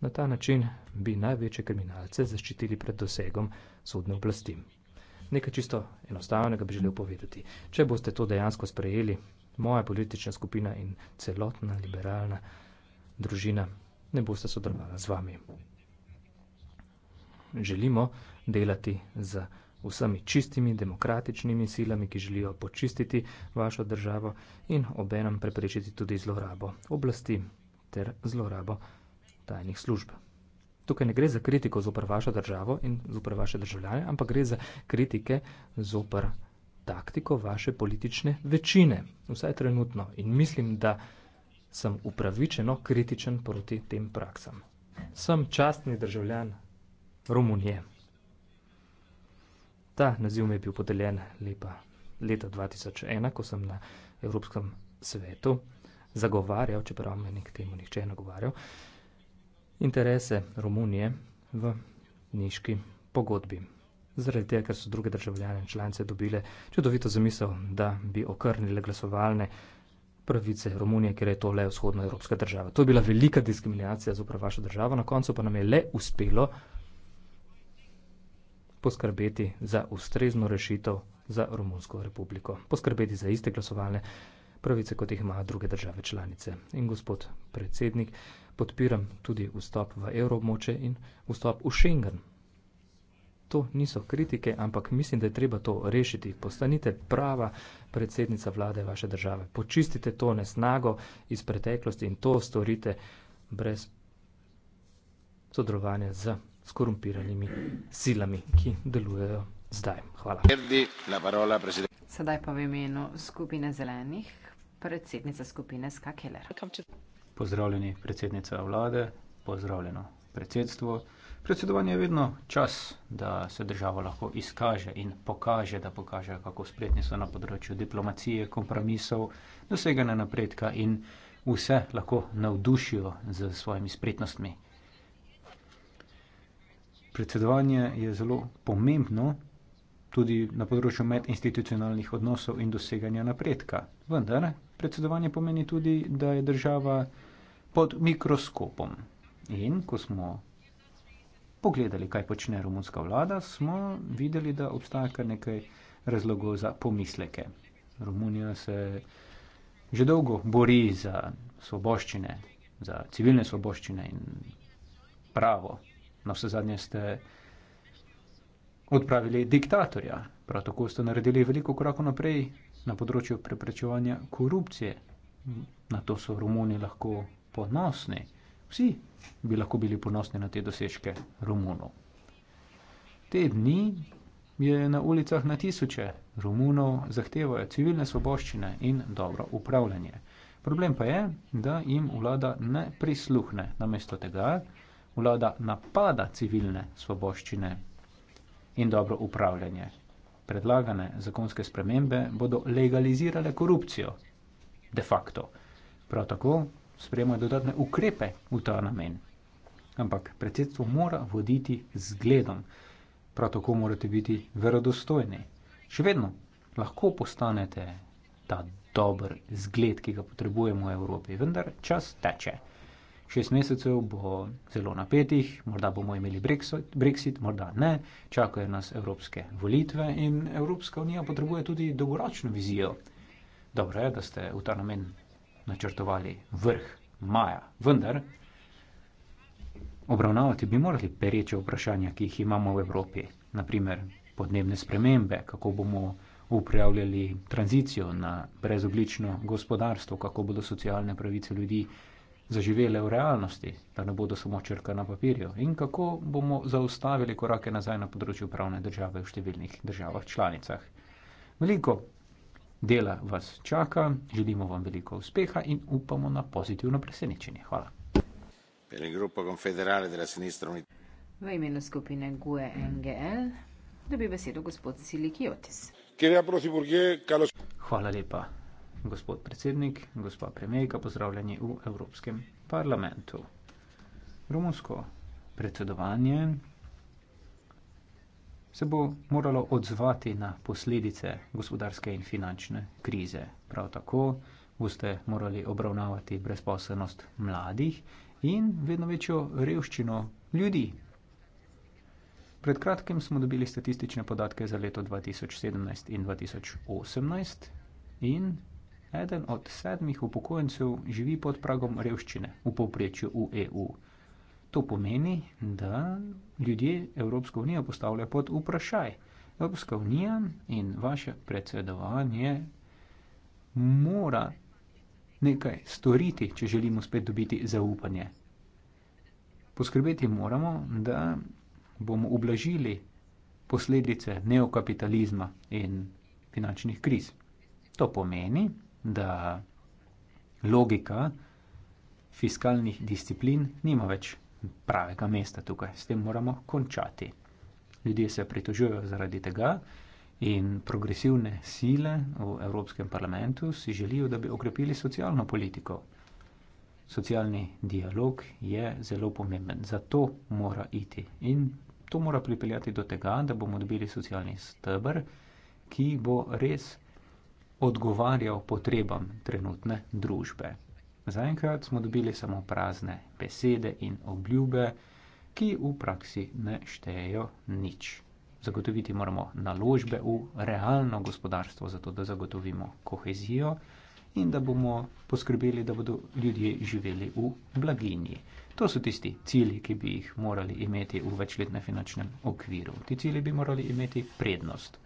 Na ta način bi največje kriminalce zaščitili pred dosegom sodne oblasti. Nekaj čisto enostavnega bi želel povedati. Če boste to dejansko sprejeli, moja politična skupina in celotna liberalna družina ne boste sodelovala z vami. Želimo delati z vsemi čistimi demokratičnimi silami, ki želijo počistiti vašo državo in obenem preprečiti tudi zlorabo oblasti ter zlorabo tajnih služb. Tukaj ne gre za kritiko zoper vašo državo in zoper vaše državljane, ampak gre za kritike zoper taktiko vaše politične večine, vsaj trenutno. In mislim, da sem upravičeno kritičen proti tem praksam. Sem častni državljan Romunije. Ta naziv mi je bil podeljen lepa leta 2001, ko sem na Evropskem svetu zagovarjal, čeprav me ni k temu nihče nagovarjal, interese Romunije v Niški pogodbi. Zaradi tega, ker so druge državljane in članice dobile čudovito zamisel, da bi okrnile glasovalne pravice Romunije, ker je to le vzhodnoevropska država. To je bila velika diskriminacija za vašo državo, na koncu pa nam je le uspelo poskrbeti za ustrezno rešitev za Romunsko republiko, poskrbeti za iste glasovalne pravice pravice, kot jih imajo druge države članice. In gospod predsednik, podpiram tudi vstop v evroobmoče in vstop v Schengen. To niso kritike, ampak mislim, da je treba to rešiti. Postanite prava predsednica vlade vaše države. Počistite to nesnago iz preteklosti in to storite brez sodelovanja z skorumpiranimi silami, ki delujejo zdaj. Hvala. Sedaj pa v imenu skupine zelenih predsednica skupine Ska Keller. Pozdravljeni, predsednica vlade, pozdravljeno predsedstvo. Predsedovanje je vedno čas, da se država lahko izkaže in pokaže, da pokaže, kako spretni so na področju diplomacije, kompromisov, doseganja napredka in vse lahko navdušijo z svojimi spretnostmi. Predsedovanje je zelo pomembno tudi na področju medinstitucionalnih odnosov in doseganja napredka. Vendar, predsedovanje pomeni tudi, da je država pod mikroskopom. In ko smo pogledali, kaj počne romunska vlada, smo videli, da obstaja kar nekaj razlogov za pomisleke. Romunija se že dolgo bori za svoboščine, za civilne svoboščine in pravo. Na vse zadnje ste odpravili diktatorja, prav tako ste naredili veliko korakov naprej na področju preprečevanja korupcije. Na to so Romuni lahko ponosni. Vsi bi lahko bili ponosni na te dosežke Romunov. Te dni je na ulicah na tisoče Romunov zahtevajo civilne svoboščine in dobro upravljanje. Problem pa je, da jim vlada ne prisluhne. Namesto tega vlada napada civilne svoboščine in dobro upravljanje predlagane zakonske spremembe bodo legalizirale korupcijo, de facto. Prav tako sprejemajo dodatne ukrepe v ta namen. Ampak predsedstvo mora voditi zgledom, prav tako morate biti verodostojni. Še vedno lahko postanete ta dober zgled, ki ga potrebujemo v Evropi, vendar čas teče šest mesecev bo zelo napetih, morda bomo imeli Brexit, Brexit, morda ne, čakajo nas evropske volitve in Evropska unija potrebuje tudi dolgoročno vizijo. Dobro je, da ste v ta namen načrtovali vrh maja, vendar obravnavati bi morali pereče vprašanja, ki jih imamo v Evropi, naprimer podnebne spremembe, kako bomo upravljali tranzicijo na brezoblično gospodarstvo, kako bodo socialne pravice ljudi zaživele v realnosti, da ne bodo samo črka na papirju, in kako bomo zaustavili korake nazaj na področju pravne države v številnih državah članicah. Veliko dela vas čaka, želimo vam veliko uspeha in upamo na pozitivno presenečenje. Hvala. V imenu skupine GUE NGL dobi besedo gospod Silikiotis. Hvala lepa gospod predsednik, gospa premijerka, pozdravljeni v Evropskem parlamentu. Romunsko predsedovanje se bo moralo odzvati na posledice gospodarske in finančne krize. Prav tako boste morali obravnavati brezposelnost mladih in vedno večjo revščino ljudi. Pred kratkim smo dobili statistične podatke za leto 2017 in 2018 in Eden od sedmih upokojencev živi pod pragom revščine v povprečju v EU. To pomeni, da ljudje Evropsko unijo postavljajo pod vprašaj. Evropska unija in vaše predsedovanje mora nekaj storiti, če želimo spet dobiti zaupanje. Poskrbeti moramo, da bomo ublažili posledice neokapitalizma in finančnih kriz. To pomeni, da logika fiskalnih disciplin nima več pravega mesta tukaj. S tem moramo končati. Ljudje se pritožujejo zaradi tega in progresivne sile v Evropskem parlamentu si želijo, da bi okrepili socialno politiko. Socialni dialog je zelo pomemben, zato mora iti in to mora pripeljati do tega, da bomo dobili socialni stebr, ki bo res odgovarjal potrebam trenutne družbe. Zaenkrat smo dobili samo prazne besede in obljube, ki v praksi ne štejejo nič. Zagotoviti moramo naložbe v realno gospodarstvo, zato da zagotovimo kohezijo in da bomo poskrbeli, da bodo ljudje živeli v blaginji. To so tisti cilji, ki bi jih morali imeti v večletnem finančnem okviru. Ti cilji bi morali imeti prednost.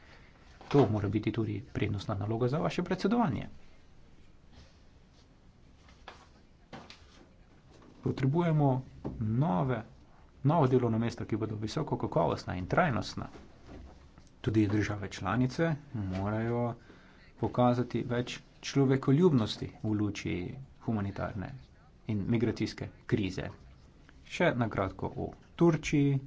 To mora biti tudi prednostna naloga za vaše predsedovanje. Potrebujemo nove, novo delovno mesto, ki bodo visoko kakovostna in trajnostna. Tudi države članice morajo pokazati več človekoljubnosti v luči humanitarne in migracijske krize. Še nakratko o Turčiji.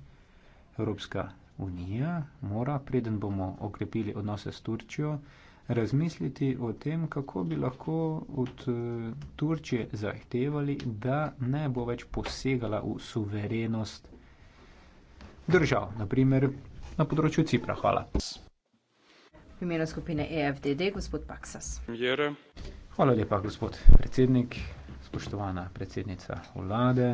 Evropska Unija mora, preden bomo okrepili odnose s Turčijo, razmisliti o tem, kako bi lahko od eh, Turčije zahtevali, da ne bo več posegala v suverenost držav, naprimer na področju Cipra. Hvala. V imenu skupine EFDD, gospod Paksas. Jere. Hvala lepa, gospod predsednik, spoštovana predsednica vlade,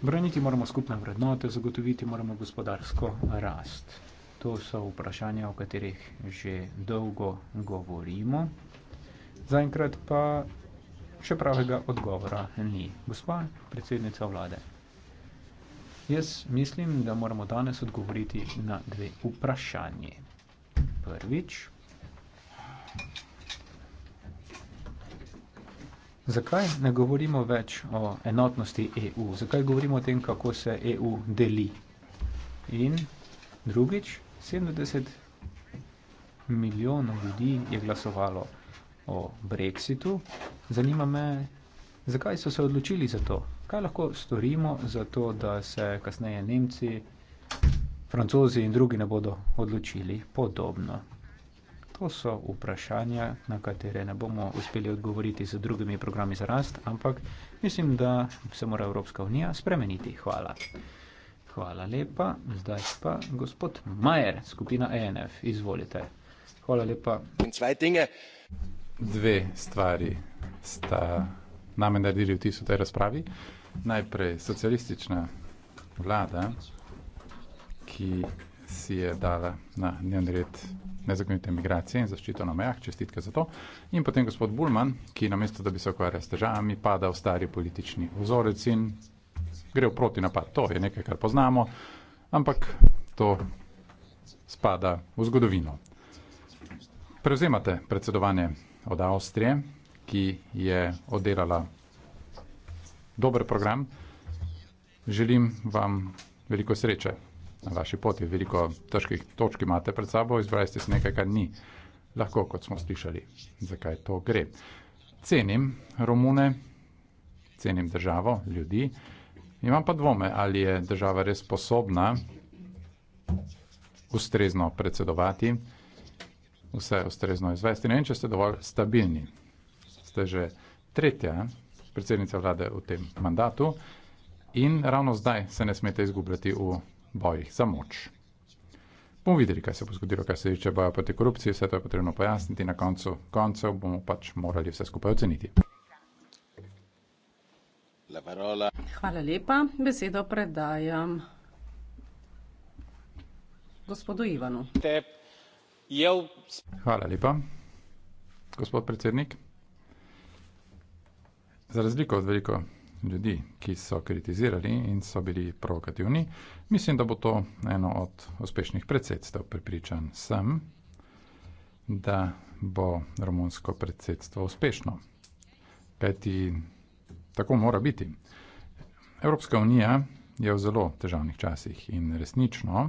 Braniti moramo skupne vrednote, zagotoviti moramo gospodarsko rast. To so vprašanja, o katerih že dolgo govorimo. Zaenkrat pa še pravega odgovora ni. Gospa predsednica vlade, jaz mislim, da moramo danes odgovoriti na dve vprašanje. Prvič, Zakaj ne govorimo več o enotnosti EU? Zakaj govorimo o tem, kako se EU deli? In drugič, 70 milijonov ljudi je glasovalo o Brexitu. Zanima me, zakaj so se odločili za to? Kaj lahko storimo za to, da se kasneje Nemci, Francozi in drugi ne bodo odločili podobno? To so vprašanja, na katere ne bomo uspeli odgovoriti z drugimi programi za rast, ampak mislim, da se mora Evropska unija spremeniti. Hvala. Hvala lepa. Zdaj pa gospod Majer, skupina ENF. Izvolite. Hvala lepa. Dve stvari sta name naredili vtis v tej razpravi. Najprej socialistična vlada, ki si je dala na njen red nezakonite migracije in zaščito na mejah, čestitke za to. In potem gospod Bulman, ki namesto, da bi se ukvarjal s težavami, pada v stari politični vzorec in gre v proti napad. To je nekaj, kar poznamo, ampak to spada v zgodovino. Prevzemate predsedovanje od Avstrije, ki je oddelala dober program. Želim vam veliko sreče na vaši poti. Veliko težkih točk imate pred sabo, izbrali ste se nekaj, kar ni lahko, kot smo slišali, zakaj to gre. Cenim Romune, cenim državo, ljudi, imam pa dvome, ali je država res sposobna ustrezno predsedovati, vse ustrezno izvesti. Ne vem, če ste dovolj stabilni. Ste že tretja predsednica vlade v tem mandatu in ravno zdaj se ne smete izgubljati v bojih za moč. Bomo videli, kaj se bo zgodilo, kaj se tiče boja proti korupciji, vse to je potrebno pojasniti, na koncu koncev bomo pač morali vse skupaj oceniti. Hvala lepa, besedo predajam gospodu Ivanu. Hvala lepa, gospod predsednik. Za razliko od veliko ljudi, ki so kritizirali in so bili provokativni, Mislim, da bo to eno od uspešnih predsedstv. Pripričan sem, da bo romunsko predsedstvo uspešno. Kajti tako mora biti. Evropska unija je v zelo težavnih časih in resnično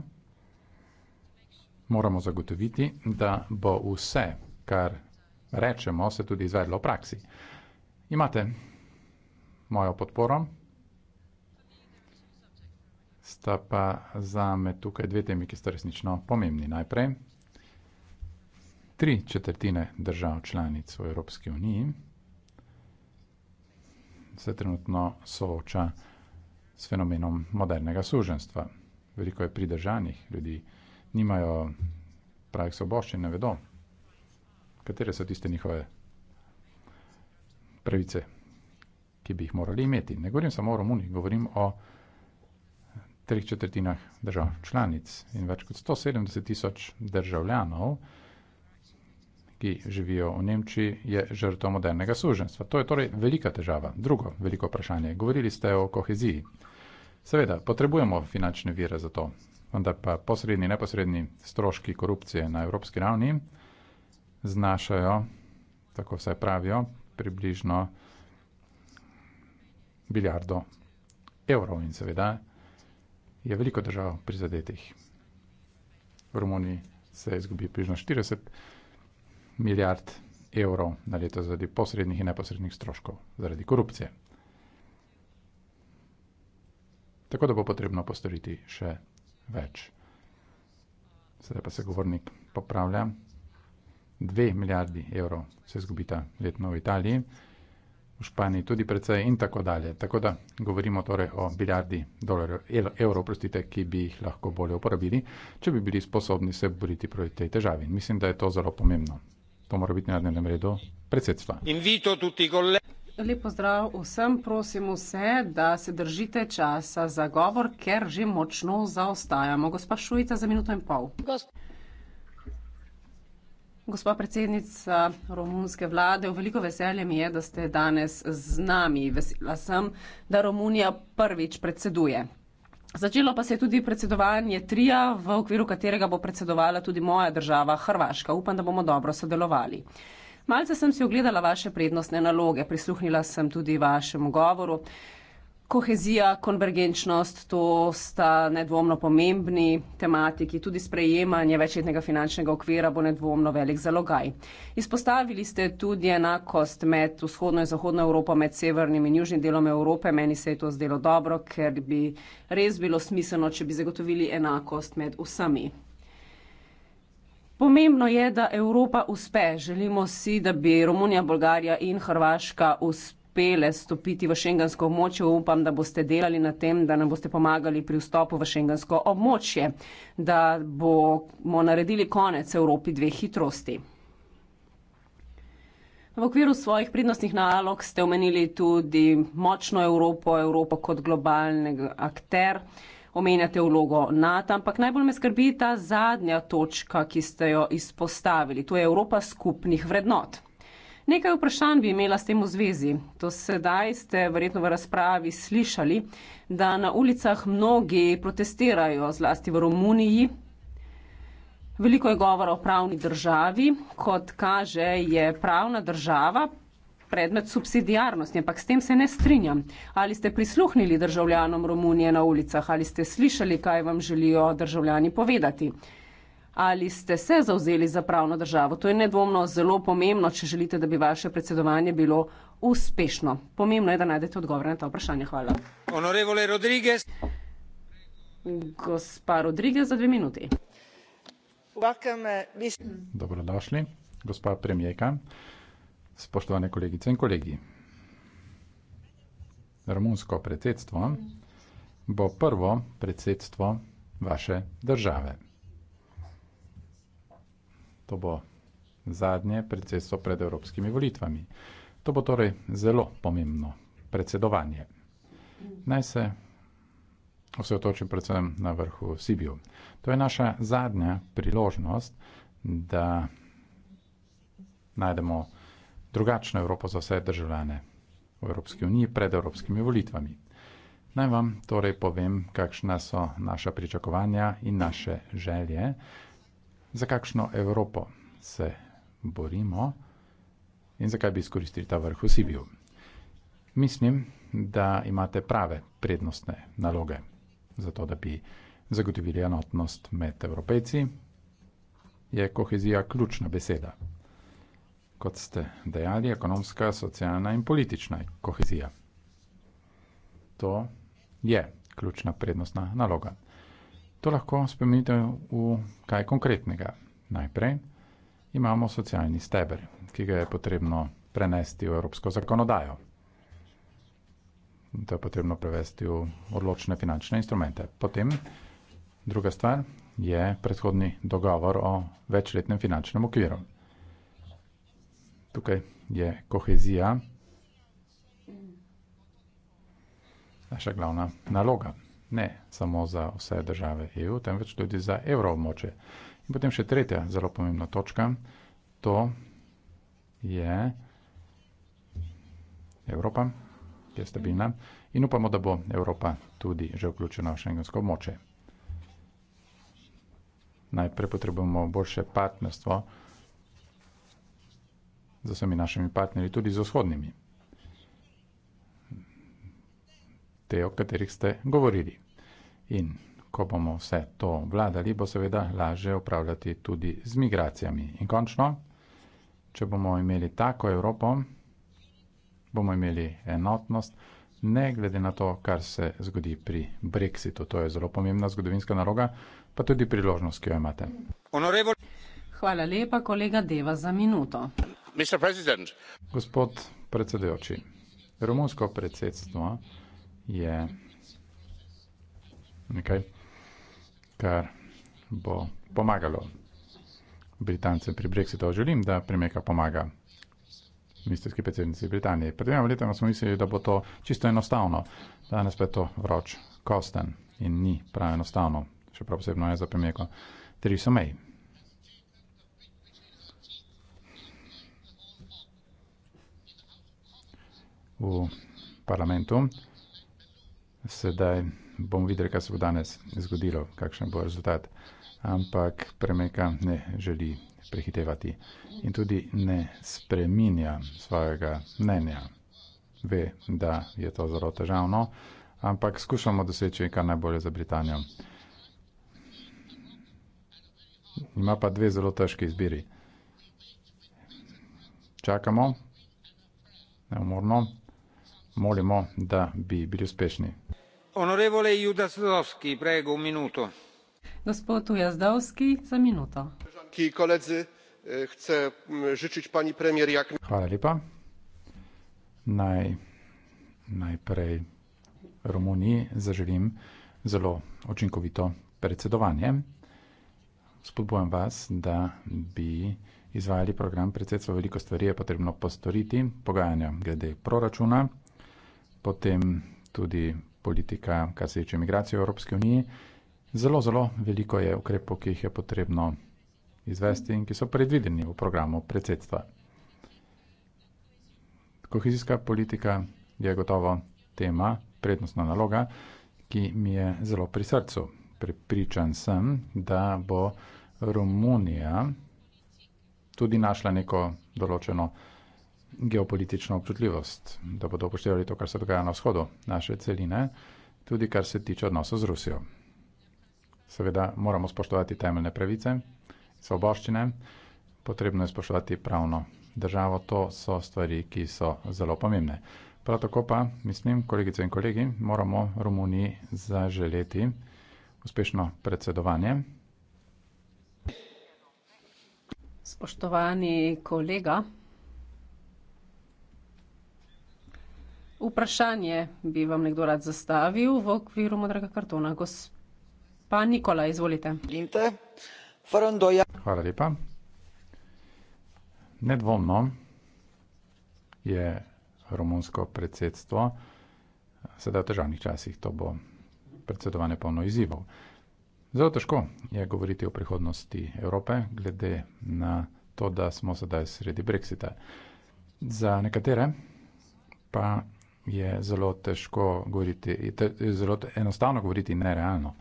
moramo zagotoviti, da bo vse, kar rečemo, se tudi izvedlo v praksi. Imate mojo podporo sta pa za me tukaj dve temi, ki sta resnično pomembni. Najprej, tri četrtine držav članic v Evropski uniji se trenutno sooča s fenomenom modernega suženstva. Veliko je pridržanih, ljudi nimajo pravih svoboščin, ne vedo, katere so tiste njihove pravice, ki bi jih morali imeti. Ne govorim samo o Romuniji, govorim o treh četrtinah držav članic in več kot 170 tisoč državljanov, ki živijo v Nemčiji, je žrtvo modernega suženstva. To je torej velika težava. Drugo veliko vprašanje. Govorili ste o koheziji. Seveda, potrebujemo finančne vire za to, vendar pa posredni, neposredni stroški korupcije na evropski ravni znašajo, tako vse pravijo, približno biljardo evrov in seveda je veliko držav prizadetih. V Romuniji se izgubi približno 40 milijard evrov na leto zaradi posrednih in neposrednih stroškov, zaradi korupcije. Tako da bo potrebno postoriti še več. Sedaj pa se govornik popravlja. 2 milijardi evrov se izgubita letno v Italiji v Španiji tudi precej in tako dalje. Tako da govorimo torej o biljardi dolarjev, evrov, prostite, ki bi jih lahko bolje uporabili, če bi bili sposobni se boriti proti tej težavi. Mislim, da je to zelo pomembno. To mora biti na dnevnem redu predsedstva. Lepo zdrav vsem, prosim vse, da se držite časa za govor, ker že močno zaostajamo. Gospa Šujica za minuto in pol. Gospa. Gospa predsednica romunske vlade, veliko veselje mi je, da ste danes z nami. Vesela sem, da Romunija prvič predseduje. Začelo pa se je tudi predsedovanje trija, v okviru katerega bo predsedovala tudi moja država Hrvaška. Upam, da bomo dobro sodelovali. Malce sem si ogledala vaše prednostne naloge, prisluhnila sem tudi vašemu govoru. Kohezija, konvergenčnost, to sta nedvomno pomembni tematiki, tudi sprejemanje večletnega finančnega okvira bo nedvomno velik zalogaj. Izpostavili ste tudi enakost med vzhodno in zahodno Evropo, med severnim in južnim delom Evrope. Meni se je to zdelo dobro, ker bi res bilo smiselno, če bi zagotovili enakost med vsemi. Pomembno je, da Evropa uspe. Želimo si, da bi Romunija, Bolgarija in Hrvaška uspeli uspele stopiti v šengensko območje, upam, da boste delali na tem, da nam boste pomagali pri vstopu v šengensko območje, da bomo naredili konec Evropi dveh hitrosti. V okviru svojih pridnostnih nalog ste omenili tudi močno Evropo, Evropo kot globalni akter. Omenjate vlogo NATO, ampak najbolj me skrbi ta zadnja točka, ki ste jo izpostavili. To je Evropa skupnih vrednot. Nekaj vprašanj bi imela s tem v zvezi. To sedaj ste verjetno v razpravi slišali, da na ulicah mnogi protestirajo, zlasti v Romuniji. Veliko je govora o pravni državi, kot kaže, je pravna država predmet subsidijarnosti, ampak s tem se ne strinjam. Ali ste prisluhnili državljanom Romunije na ulicah, ali ste slišali, kaj vam želijo državljani povedati? ali ste se zauzeli za pravno državo. To je nedvomno zelo pomembno, če želite, da bi vaše predsedovanje bilo uspešno. Pomembno je, da najdete odgovore na ta vprašanja. Hvala. Honorevole Rodriguez. Gospa Rodriguez za dve minuti. Uh, Dobrodošli, gospa premijejka, spoštovane kolegice in kolegi. Romunsko predsedstvo bo prvo predsedstvo vaše države. To bo zadnje predsedstvo pred evropskimi volitvami. To bo torej zelo pomembno predsedovanje. Naj se osredotočim predvsem na vrhu Sibiu. To je naša zadnja priložnost, da najdemo drugačno Evropo za vse državljane v Evropski uniji pred evropskimi volitvami. Naj vam torej povem, kakšna so naša pričakovanja in naše želje za kakšno Evropo se borimo in zakaj bi izkoristili ta vrh v Sibiju. Mislim, da imate prave prednostne naloge za to, da bi zagotovili enotnost med evropejci, je kohezija ključna beseda. Kot ste dejali, ekonomska, socialna in politična kohezija. To je ključna prednostna naloga. To lahko spremenite v kaj konkretnega. Najprej imamo socialni steber, ki ga je potrebno prenesti v evropsko zakonodajo. To je potrebno prevesti v odločne finančne instrumente. Potem druga stvar je predhodni dogovor o večletnem finančnem okviru. Tukaj je kohezija naša glavna naloga ne samo za vse države EU, temveč tudi za evroobmoče. In potem še tretja zelo pomembna točka, to je Evropa, ki je stabilna in upamo, da bo Evropa tudi že vključena v šengensko območje. Najprej potrebujemo boljše partnerstvo z vsemi našimi partnerji, tudi z vzhodnimi. te, o katerih ste govorili. In ko bomo vse to vladali, bo seveda lažje upravljati tudi z migracijami. In končno, če bomo imeli tako Evropo, bomo imeli enotnost, ne glede na to, kar se zgodi pri Brexitu. To je zelo pomembna zgodovinska naloga, pa tudi priložnost, ki jo imate. Honorable. Hvala lepa, kolega Deva, za minuto. Gospod predsedujoči, romunsko predsedstvo Yeah. Nekaj, kar bo pomagalo Britancem pri Brexitu. Želim, da premjeka pomaga ministrski predsednici Britanije. Pred dvema letoma smo mislili, da bo to čisto enostavno. Danes pa je to vroč kosten in ni prav enostavno. Še prav posebno je za premjeko Theresa May. V parlamentu Sedaj bom videl, kaj se bo danes zgodilo, kakšen bo rezultat. Ampak premeka ne želi prehitevati in tudi ne spreminja svojega mnenja. Ve, da je to zelo težavno, ampak skušamo doseči kar najbolje za Britanijo. Ima pa dve zelo težki izbiri. Čakamo, neumorno molimo, da bi bili uspešni. Honorevole Judasovski, prego, minuto. Gospod Ujazdovski, za minuto. Ki koledzi, e, chce žičiť pani premier, jak... Hvala lepa. Naj, najprej Romuniji zaželim zelo očinkovito predsedovanje. Spodbujam vas, da bi izvajali program predsedstva. Veliko stvari je potrebno postoriti, pogajanja glede proračuna, potem tudi politika, kar se tiče migracije v Evropski uniji. Zelo, zelo veliko je ukrepov, ki jih je potrebno izvesti in ki so predvideni v programu predsedstva. Kohezijska politika je gotovo tema, prednostna naloga, ki mi je zelo pri srcu. Pripričan sem, da bo Romunija tudi našla neko določeno geopolitično občutljivost, da bodo upoštevali to, kar se dogaja na vzhodu naše celine, tudi kar se tiče odnosov z Rusijo. Seveda moramo spoštovati temeljne pravice, svoboščine, potrebno je spoštovati pravno državo, to so stvari, ki so zelo pomembne. Prav tako pa, mislim, kolegice in kolegi, moramo Romuniji zaželeti uspešno predsedovanje. Spoštovani kolega, vprašanje bi vam nekdo rad zastavil v okviru modrega kartona. Gospa Nikola, izvolite. Hvala lepa. Nedvomno je romunsko predsedstvo sedaj v težavnih časih, to bo predsedovanje polno izzivov. Zelo težko je govoriti o prihodnosti Evrope, glede na to, da smo sedaj sredi Brexita. Za nekatere pa je zelo težko govoriti, je zelo enostavno govoriti nerealno.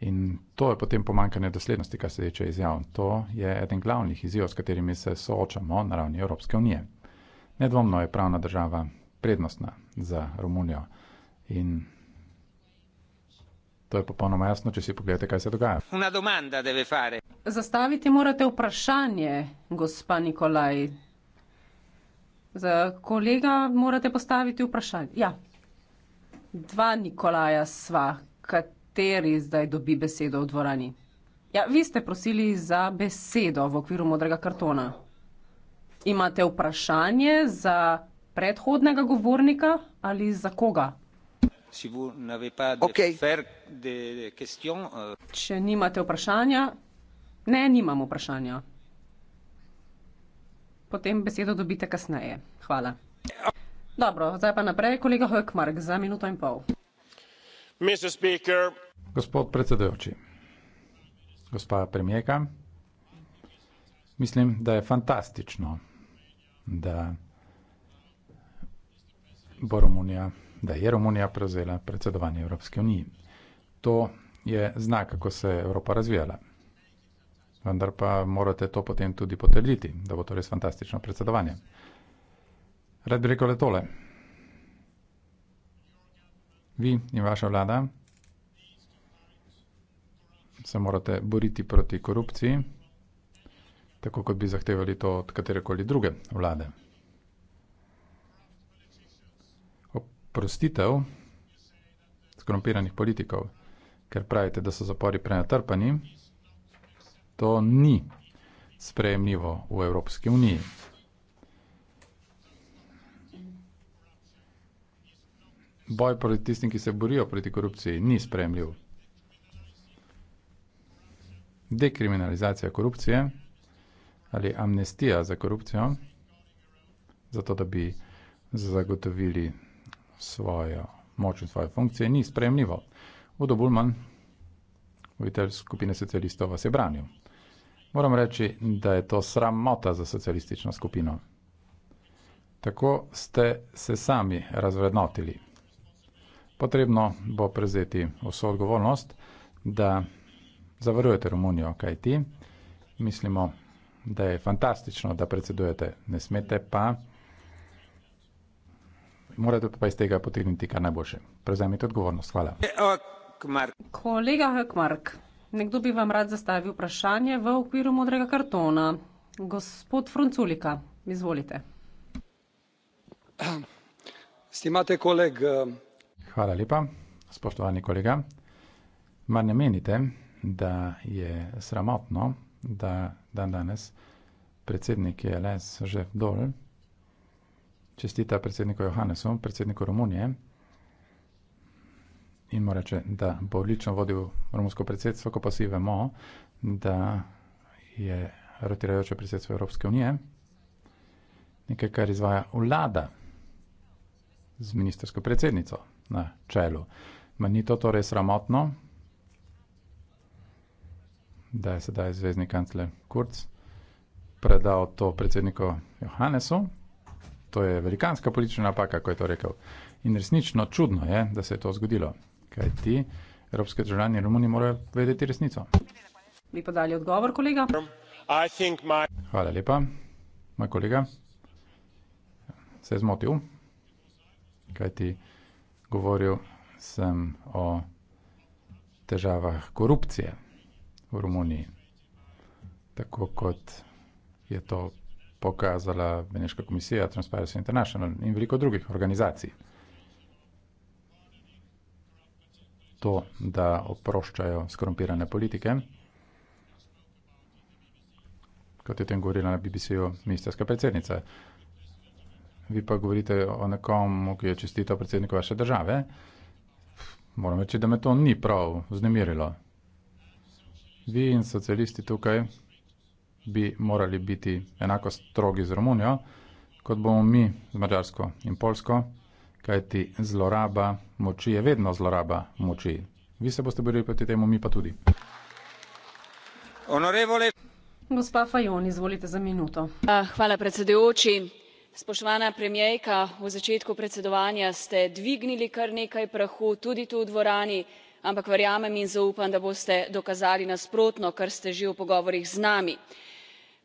In to je potem pomankanje doslednosti, kar se reče izjav. To je eden glavnih izzivov, s katerimi se soočamo na ravni Evropske unije. Nedvomno je pravna država prednostna za Romunijo in to je popolnoma jasno, če si pogledate, kaj se dogaja. Zastaviti morate vprašanje, gospa Nikolaj. Za kolega morate postaviti vprašanje. Ja. Dva Nikolaja sva, kateri zdaj dobi besedo v dvorani? Ja, vi ste prosili za besedo v okviru modrega kartona. Imate vprašanje za predhodnega govornika ali za koga? Okay. Euh. Če nimate vprašanja, ne, nimam vprašanja potem besedo dobite kasneje. Hvala. Dobro, zdaj pa naprej kolega Hökmark za minuto in pol. Gospod predsedujoči, gospa premijeka, mislim, da je fantastično, da bo Romunija, da je Romunija prevzela predsedovanje Evropske unije. To je znak, kako se je Evropa razvijala vendar pa morate to potem tudi potrditi, da bo to res fantastično predsedovanje. Rad bi rekel le tole. Vi in vaša vlada se morate boriti proti korupciji, tako kot bi zahtevali to od katerekoli druge vlade. Oprostitev skorumpiranih politikov, ker pravite, da so zapori prenatrpani, to ni sprejemljivo v Evropski uniji. Boj proti tistim, ki se borijo proti korupciji, ni sprejemljiv. Dekriminalizacija korupcije ali amnestija za korupcijo, zato da bi zagotovili svojo moč in svoje funkcije, ni sprejemljivo. Vodo Bulman, voditelj skupine socialistov, vas je branil. Moram reči, da je to sramota za socialistično skupino. Tako ste se sami razvrednotili. Potrebno bo prezeti vso odgovornost, da zavarujete Romunijo, kaj ti. Mislimo, da je fantastično, da predsedujete. Ne smete pa, morate pa iz tega potegniti kar najboljše. Prezemite odgovornost. Hvala. Kolega Hökmark. Nekdo bi vam rad zastavil vprašanje v okviru modrega kartona. Gospod Frunculika, izvolite. Stimate koleg. Eh, Hvala lepa, spoštovani kolega. Mar ne menite, da je sramotno, da dan danes predsednik je LS že dol, čestita predsedniku Johannesu, predsedniku Romunije, in mora reči, da bo odlično vodil romsko predsedstvo, ko pa vsi vemo, da je rotirajoče predsedstvo Evropske unije nekaj, kar izvaja vlada z ministersko predsednico na čelu. Ma ni to torej sramotno, da je sedaj zvezdni kancler Kurz predal to predsedniku Johannesu. To je velikanska politična napaka, ko je to rekel. In resnično čudno je, da se je to zgodilo kaj ti, evropske državljani Romuni, morajo vedeti resnico. Bi podali odgovor, kolega? My... Hvala lepa, moj kolega. Se je zmotil, kaj ti govoril sem o težavah korupcije v Romuniji, tako kot je to pokazala Beneška komisija, Transparency International in veliko drugih organizacij. to, da oproščajo skorumpirane politike, kot je o tem govorila na BBC-u ministerska predsednica. Vi pa govorite o nekomu, ki je čestital predsedniku vaše države. Moram reči, da me to ni prav vznemirilo. Vi in socialisti tukaj bi morali biti enako strogi z Romunijo, kot bomo mi z Mačarsko in Polsko kajti zloraba moči je vedno zloraba moči. Vi se boste borili proti temu, mi pa tudi. Honorevole. Gospa Fajon, izvolite za minuto. Hvala predsedujoči. Spoštovana premijejka, v začetku predsedovanja ste dvignili kar nekaj prahu, tudi tu v dvorani, ampak verjamem in zaupam, da boste dokazali nasprotno, kar ste že v pogovorih z nami.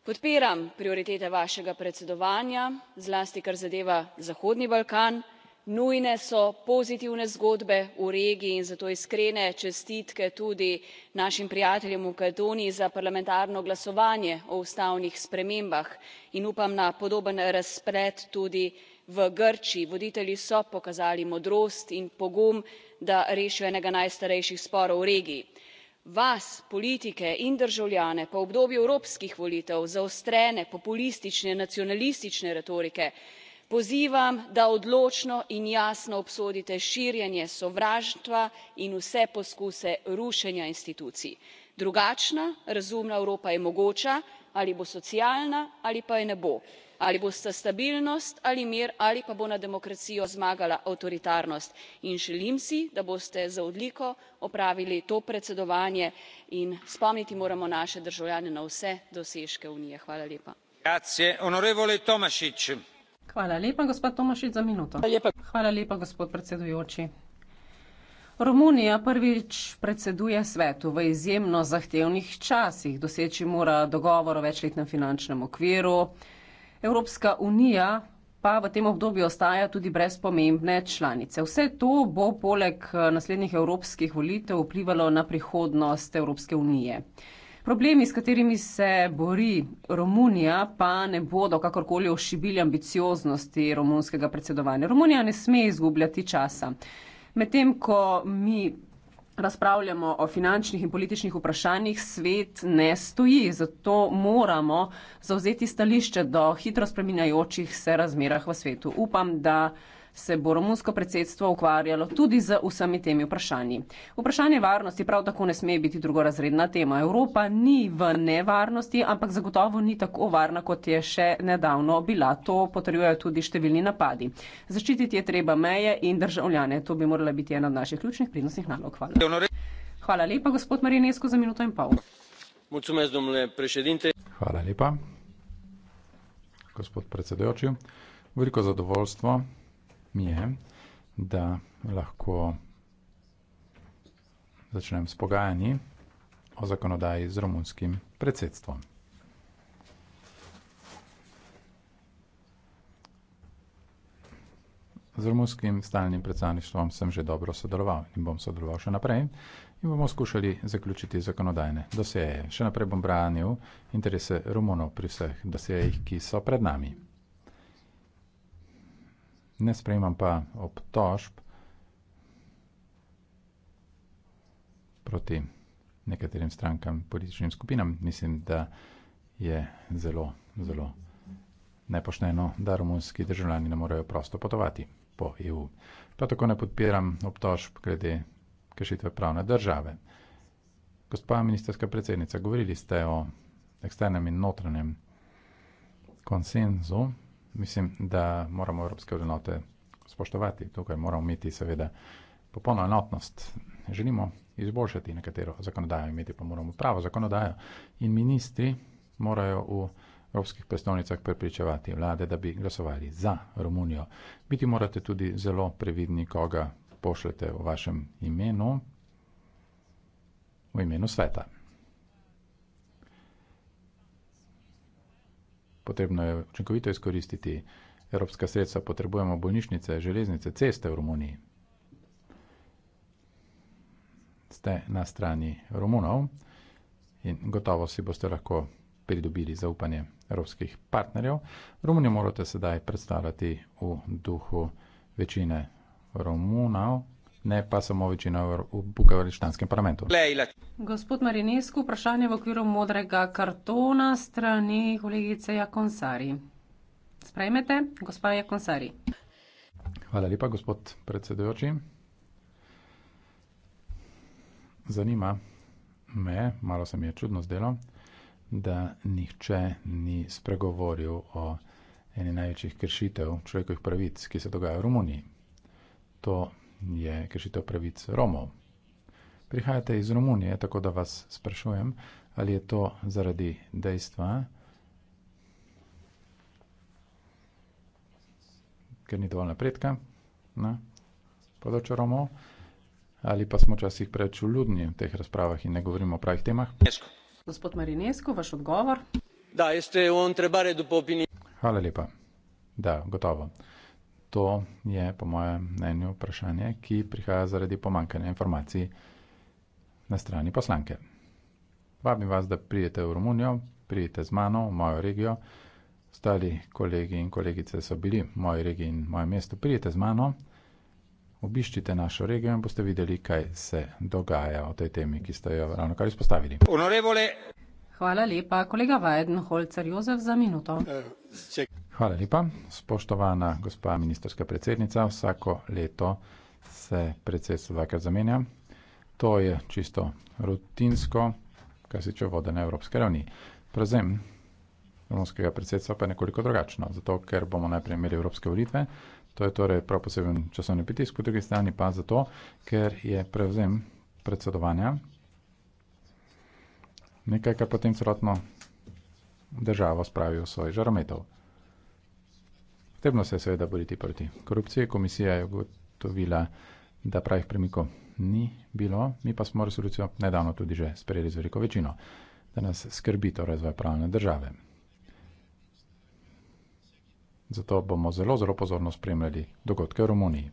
Podpiram prioritete vašega predsedovanja, zlasti kar zadeva Zahodni Balkan nujne so pozitivne zgodbe v regiji in zato iskrene čestitke tudi našim prijateljem v makedoniji za parlamentarno glasovanje o ustavnih spremembah in upam na podoben razplet tudi v grčiji. voditelji so pokazali modrost in pogum da rešijo enega najstarejših sporov v regiji. vas politike in državljane pa v obdobju evropskih volitev zaostrene populistične nacionalistične retorike pozivam da odločno in jasno obsodite širjenje sovraštva in vse poskuse rušenja institucij. drugačna razumna evropa je mogoča ali bo socialna ali pa je ne bo ali bosta stabilnost ali mir ali pa bo nad demokracijo zmagala avtoritarnost in želim si da boste z odliko opravili to predsedovanje in spomniti moramo naše državljane na vse dosežke unije. Hvala lepa, gospod Tomašič, za minuto. Hvala lepa. Hvala lepa, gospod predsedujoči. Romunija prvič predseduje svetu v izjemno zahtevnih časih. Doseči mora dogovor o večletnem finančnem okviru. Evropska unija pa v tem obdobju ostaja tudi brez pomembne članice. Vse to bo poleg eh, naslednjih evropskih volitev vplivalo na prihodnost Evropske unije. Problemi, s katerimi se bori Romunija, pa ne bodo kakorkoli ošibili ambicioznosti romunskega predsedovanja. Romunija ne sme izgubljati časa. Medtem, ko mi razpravljamo o finančnih in političnih vprašanjih, svet ne stoji, zato moramo zauzeti stališče do hitro spreminjajočih se razmerah v svetu. Upam, da se bo romunsko predsedstvo ukvarjalo tudi z vsemi temi vprašanji. Vprašanje varnosti prav tako ne sme biti drugorazredna tema. Evropa ni v nevarnosti, ampak zagotovo ni tako varna, kot je še nedavno bila. To potrjujejo tudi številni napadi. Zaščititi je treba meje in državljane. To bi morala biti ena od naših ključnih prednostnih nalog. Hvala. Hvala lepa, gospod Marinesko, za minuto in pol. Hvala lepa, gospod predsedujoči. Veliko zadovoljstvo mi je, da lahko začnem s pogajanji o zakonodaji z romunskim predsedstvom. Z romunskim stalnim predstavništvom sem že dobro sodeloval in bom sodeloval še naprej in bomo skušali zaključiti zakonodajne doseje. Še naprej bom branil interese Romunov pri vseh dosejejih, ki so pred nami ne sprejemam pa obtožb proti nekaterim strankam, političnim skupinam. Mislim, da je zelo, zelo nepošteno, da romunski državljani ne morejo prosto potovati po EU. Prav tako ne podpiram obtožb glede kršitve pravne države. Gospa ministerska predsednica, govorili ste o eksternem in notranjem konsenzu mislim, da moramo evropske vrednote spoštovati. Tukaj moramo imeti seveda popolno enotnost. Želimo izboljšati nekatero zakonodajo, imeti pa moramo pravo zakonodajo in ministri morajo v evropskih predstavnicah prepričevati vlade, da bi glasovali za Romunijo. Biti morate tudi zelo previdni, koga pošljete v vašem imenu, v imenu sveta. potrebno je učinkovito izkoristiti evropska sredstva, potrebujemo bolnišnice, železnice, ceste v Romuniji. Ste na strani Romunov in gotovo si boste lahko pridobili zaupanje evropskih partnerjev. Romunijo morate sedaj predstavljati v duhu večine Romunov, ne pa samo večino v bukavrištanskem parlamentu. Gospod Marinescu, vprašanje v okviru modrega kartona strani kolegice Jakonsari. Sprejmete, gospa Jakonsari. Hvala lepa, gospod predsedujoči. Zanima me, malo se mi je čudno zdelo, da nihče ni spregovoril o eni največjih kršitev človekovih pravic, ki se dogaja v Romuniji. To je kršitev pravic Romov. Prihajate iz Romunije, tako da vas sprašujem, ali je to zaradi dejstva, ker ni dovolj napredka na področju Romov, ali pa smo včasih preveč uljudni v teh razpravah in ne govorimo o pravih temah. Gospod Marinesko, vaš odgovor. Da, Hvala lepa. Da, gotovo to je, po mojem mnenju, vprašanje, ki prihaja zaradi pomankanja informacij na strani poslanke. Vabim vas, da prijete v Romunijo, prijete z mano v mojo regijo. Ostali kolegi in kolegice so bili v moji regiji in mojem mestu. Prijete z mano, obiščite našo regijo in boste videli, kaj se dogaja o tej temi, ki ste jo ravno kar izpostavili. Honorevole. Hvala lepa, kolega Vajden Holcer Jozef, za minuto. Uh, Hvala lepa. Spoštovana gospa ministerska predsednica, vsako leto se predsedstvo dvakrat zamenja. To je čisto rutinsko, kar se tiče vode na Evropske ravni. Prevzem romskega predsedstva pa je nekoliko drugačno, zato ker bomo najprej imeli Evropske volitve. To je torej prav poseben časovni pritisk, po drugi strani pa zato, ker je prevzem predsedovanja nekaj, kar potem celotno državo spravi v svoj žarometov. Trebno se je seveda boriti proti korupciji. Komisija je ugotovila, da pravih premikov ni bilo. Mi pa smo resolucijo nedavno tudi že sprejeli z veliko večino, da nas skrbi to razvoj pravne države. Zato bomo zelo, zelo pozorno spremljali dogodke v Romuniji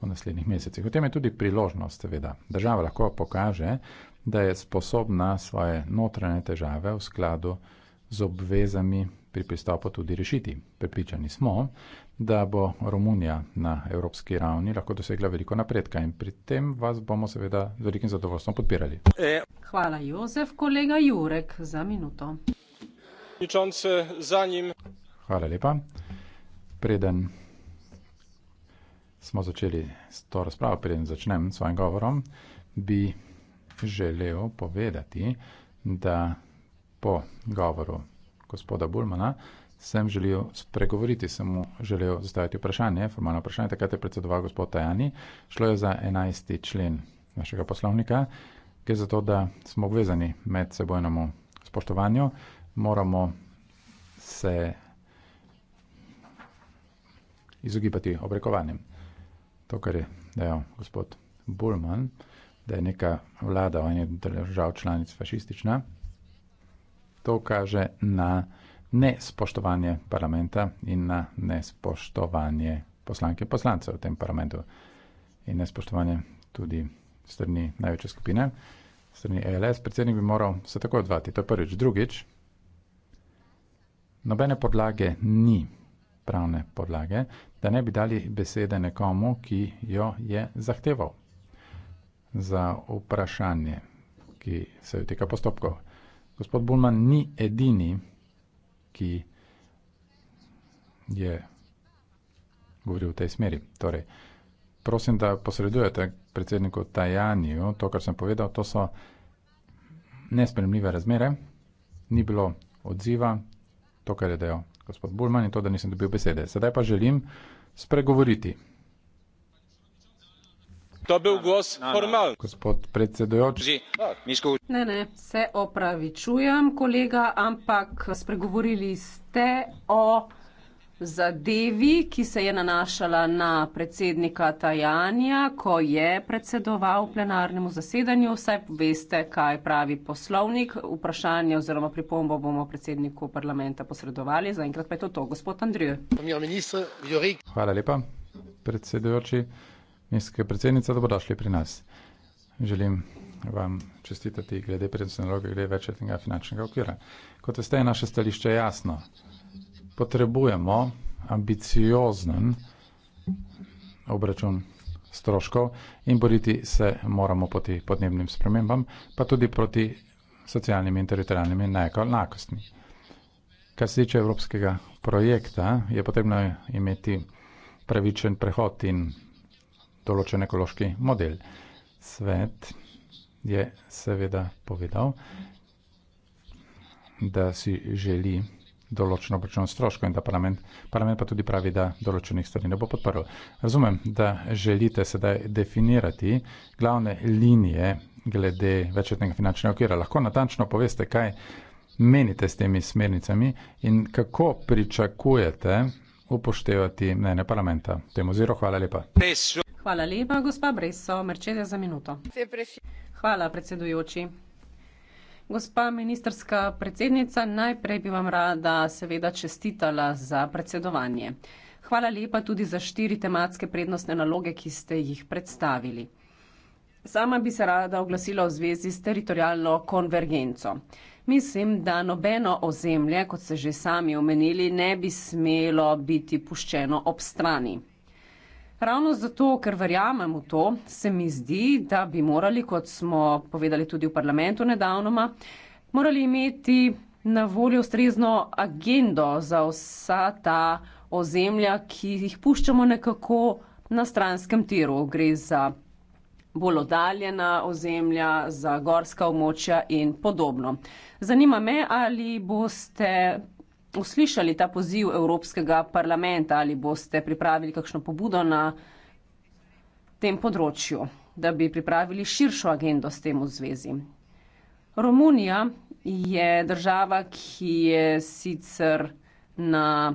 v naslednjih mesecih. V tem je tudi priložnost, seveda. Država lahko pokaže, da je sposobna svoje notranje težave v skladu z obvezami pri pristopu tudi rešiti. Pripričani smo, da bo Romunija na evropski ravni lahko dosegla veliko napredka in pri tem vas bomo seveda z velikim zadovoljstvom podpirali. Hvala, Jozef, kolega Jurek, za minuto. Hvala lepa. Preden smo začeli s to razpravo, preden začnem s svojim govorom, bi želel povedati, da po govoru gospoda Bulmana, sem želel spregovoriti, sem mu želel zastaviti vprašanje, formalno vprašanje, takrat je predsedoval gospod Tajani. Šlo je za 11. člen našega poslovnika, ki je zato, da smo obvezani med sebojnemu spoštovanju, moramo se izogibati obrekovanjem. To, kar je dejal gospod Bulman, da je neka vlada v eni državi članic fašistična, To kaže na nespoštovanje parlamenta in na nespoštovanje poslanke poslancev v tem parlamentu. In nespoštovanje tudi strani največje skupine, strani ELS. Predsednik bi moral se tako odvati. To je prvič. Drugič, nobene podlage ni pravne podlage, da ne bi dali besede nekomu, ki jo je zahteval za vprašanje, ki se jo tika postopkov gospod Bulman ni edini, ki je govoril v tej smeri. Torej, prosim, da posredujete predsedniku Tajaniju to, kar sem povedal, to so nespremljive razmere, ni bilo odziva to, kar je dejal gospod Bulman in to, da nisem dobil besede. Sedaj pa želim spregovoriti to bil glas formal. Gospod predsedujoči. Ne, ne, se opravičujem, kolega, ampak spregovorili ste o zadevi, ki se je nanašala na predsednika Tajanja, ko je predsedoval plenarnemu zasedanju. Vsaj veste, kaj pravi poslovnik. Vprašanje oziroma pripombo bomo predsedniku parlamenta posredovali. Zaenkrat pa je to to, gospod Andrej. Hvala lepa, predsedujoči. Mestka predsednica, dobrodošli pri nas. Želim vam čestitati glede predsednice naloge, glede večletnega finančnega okvira. Kot veste, je naše stališče jasno. Potrebujemo ambiciozen obračun stroškov in boriti se moramo proti podnebnim spremembam, pa tudi proti socialnim in teritorijalnim neenakostmi. Kar se tiče evropskega projekta, je potrebno imeti pravičen prehod in določen ekološki model. Svet je seveda povedal, da si želi določeno obračun stroškov in da parlament, parlament pa tudi pravi, da določenih stvari ne bo podprl. Razumem, da želite sedaj definirati glavne linije glede večletnega finančnega okvira. Lahko natančno poveste, kaj menite s temi smernicami in kako pričakujete upoštevati mnenje parlamenta. Temu zelo hvala lepa. Pesu. Hvala lepa, gospa Breso. Mercedes za minuto. Hvala, predsedujoči. Gospa ministerska predsednica, najprej bi vam rada seveda čestitala za predsedovanje. Hvala lepa tudi za štiri tematske prednostne naloge, ki ste jih predstavili. Sama bi se rada oglasila v zvezi s teritorijalno konvergenco. Mislim, da nobeno ozemlje, kot ste že sami omenili, ne bi smelo biti puščeno ob strani. Ravno zato, ker verjamem v to, se mi zdi, da bi morali, kot smo povedali tudi v parlamentu nedavnoma, morali imeti na voljo ustrezno agendo za vsa ta ozemlja, ki jih puščamo nekako na stranskem tiru. Gre za bolj oddaljena ozemlja, za gorska območja in podobno. Zanima me, ali boste uslišali ta poziv Evropskega parlamenta ali boste pripravili kakšno pobudo na tem področju, da bi pripravili širšo agendo s tem v zvezi. Romunija je država, ki je sicer na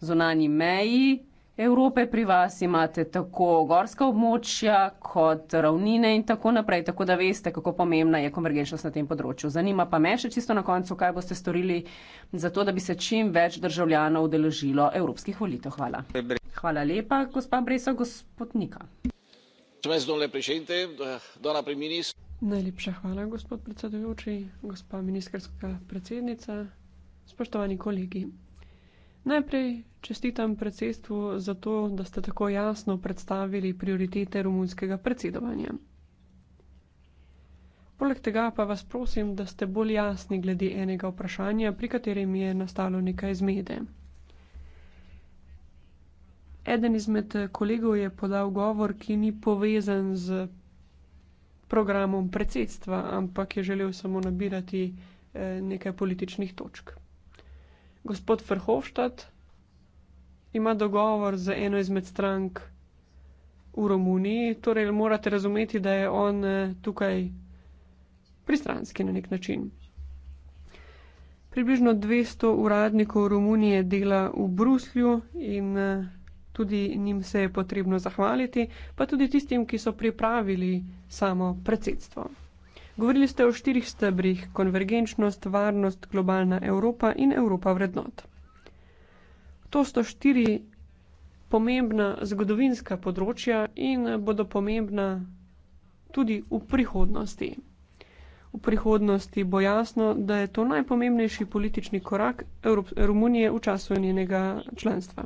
zunanji meji Evrope pri vas imate tako gorska območja kot ravnine in tako naprej, tako da veste, kako pomembna je konvergenčnost na tem področju. Zanima pa me še čisto na koncu, kaj boste storili za to, da bi se čim več državljanov deložilo evropskih volitev. Hvala. Hvala lepa, gospa Bresa, gospod Nika. Najlepša hvala, gospod predsedujoči, gospa ministerska predsednica, spoštovani kolegi. Najprej čestitam predsedstvu za to, da ste tako jasno predstavili prioritete rumunskega predsedovanja. Poleg tega pa vas prosim, da ste bolj jasni glede enega vprašanja, pri katerem je nastalo nekaj zmede. Eden izmed kolegov je podal govor, ki ni povezan z programom predsedstva, ampak je želel samo nabirati eh, nekaj političnih točk gospod Verhofstadt ima dogovor z eno izmed strank v Romuniji, torej morate razumeti, da je on eh, tukaj pristranski na nek način. Približno 200 uradnikov Romunije dela v Bruslju in eh, tudi njim se je potrebno zahvaliti, pa tudi tistim, ki so pripravili samo predsedstvo. Govorili ste o štirih stebrih: konvergenčnost, varnost, globalna Evropa in Evropa vrednot. To so štiri pomembna zgodovinska področja in bodo pomembna tudi v prihodnosti. V prihodnosti bo jasno, da je to najpomembnejši politični korak Evrop Romunije v času njenega članstva.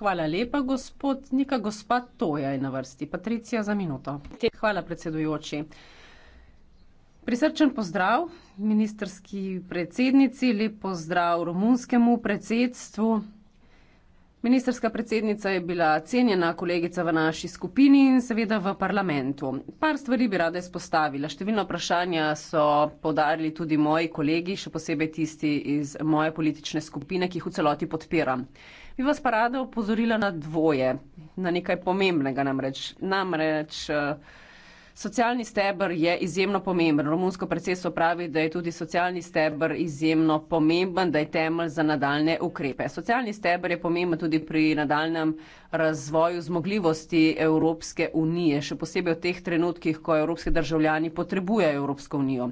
Hvala lepa, gospod Nika, gospod Toja je na vrsti. Patricija za minuto. Hvala, predsedujoči. Prisrčen pozdrav ministerski predsednici, lep pozdrav romunskemu predsedstvu. Ministerska predsednica je bila cenjena kolegica v naši skupini in seveda v parlamentu. Par stvari bi rada izpostavila. Številna vprašanja so podarili tudi moji kolegi, še posebej tisti iz moje politične skupine, ki jih v celoti podpiram. Bi vas pa rada opozorila na dvoje, na nekaj pomembnega namreč. Namreč uh, Socialni stebr je izjemno pomemben. Romunsko predsedstvo pravi, da je tudi socialni stebr izjemno pomemben, da je temelj za nadaljne ukrepe. Socialni stebr je pomemben tudi pri nadaljem razvoju zmogljivosti Evropske unije, še posebej v teh trenutkih, ko evropski državljani potrebujejo Evropsko unijo.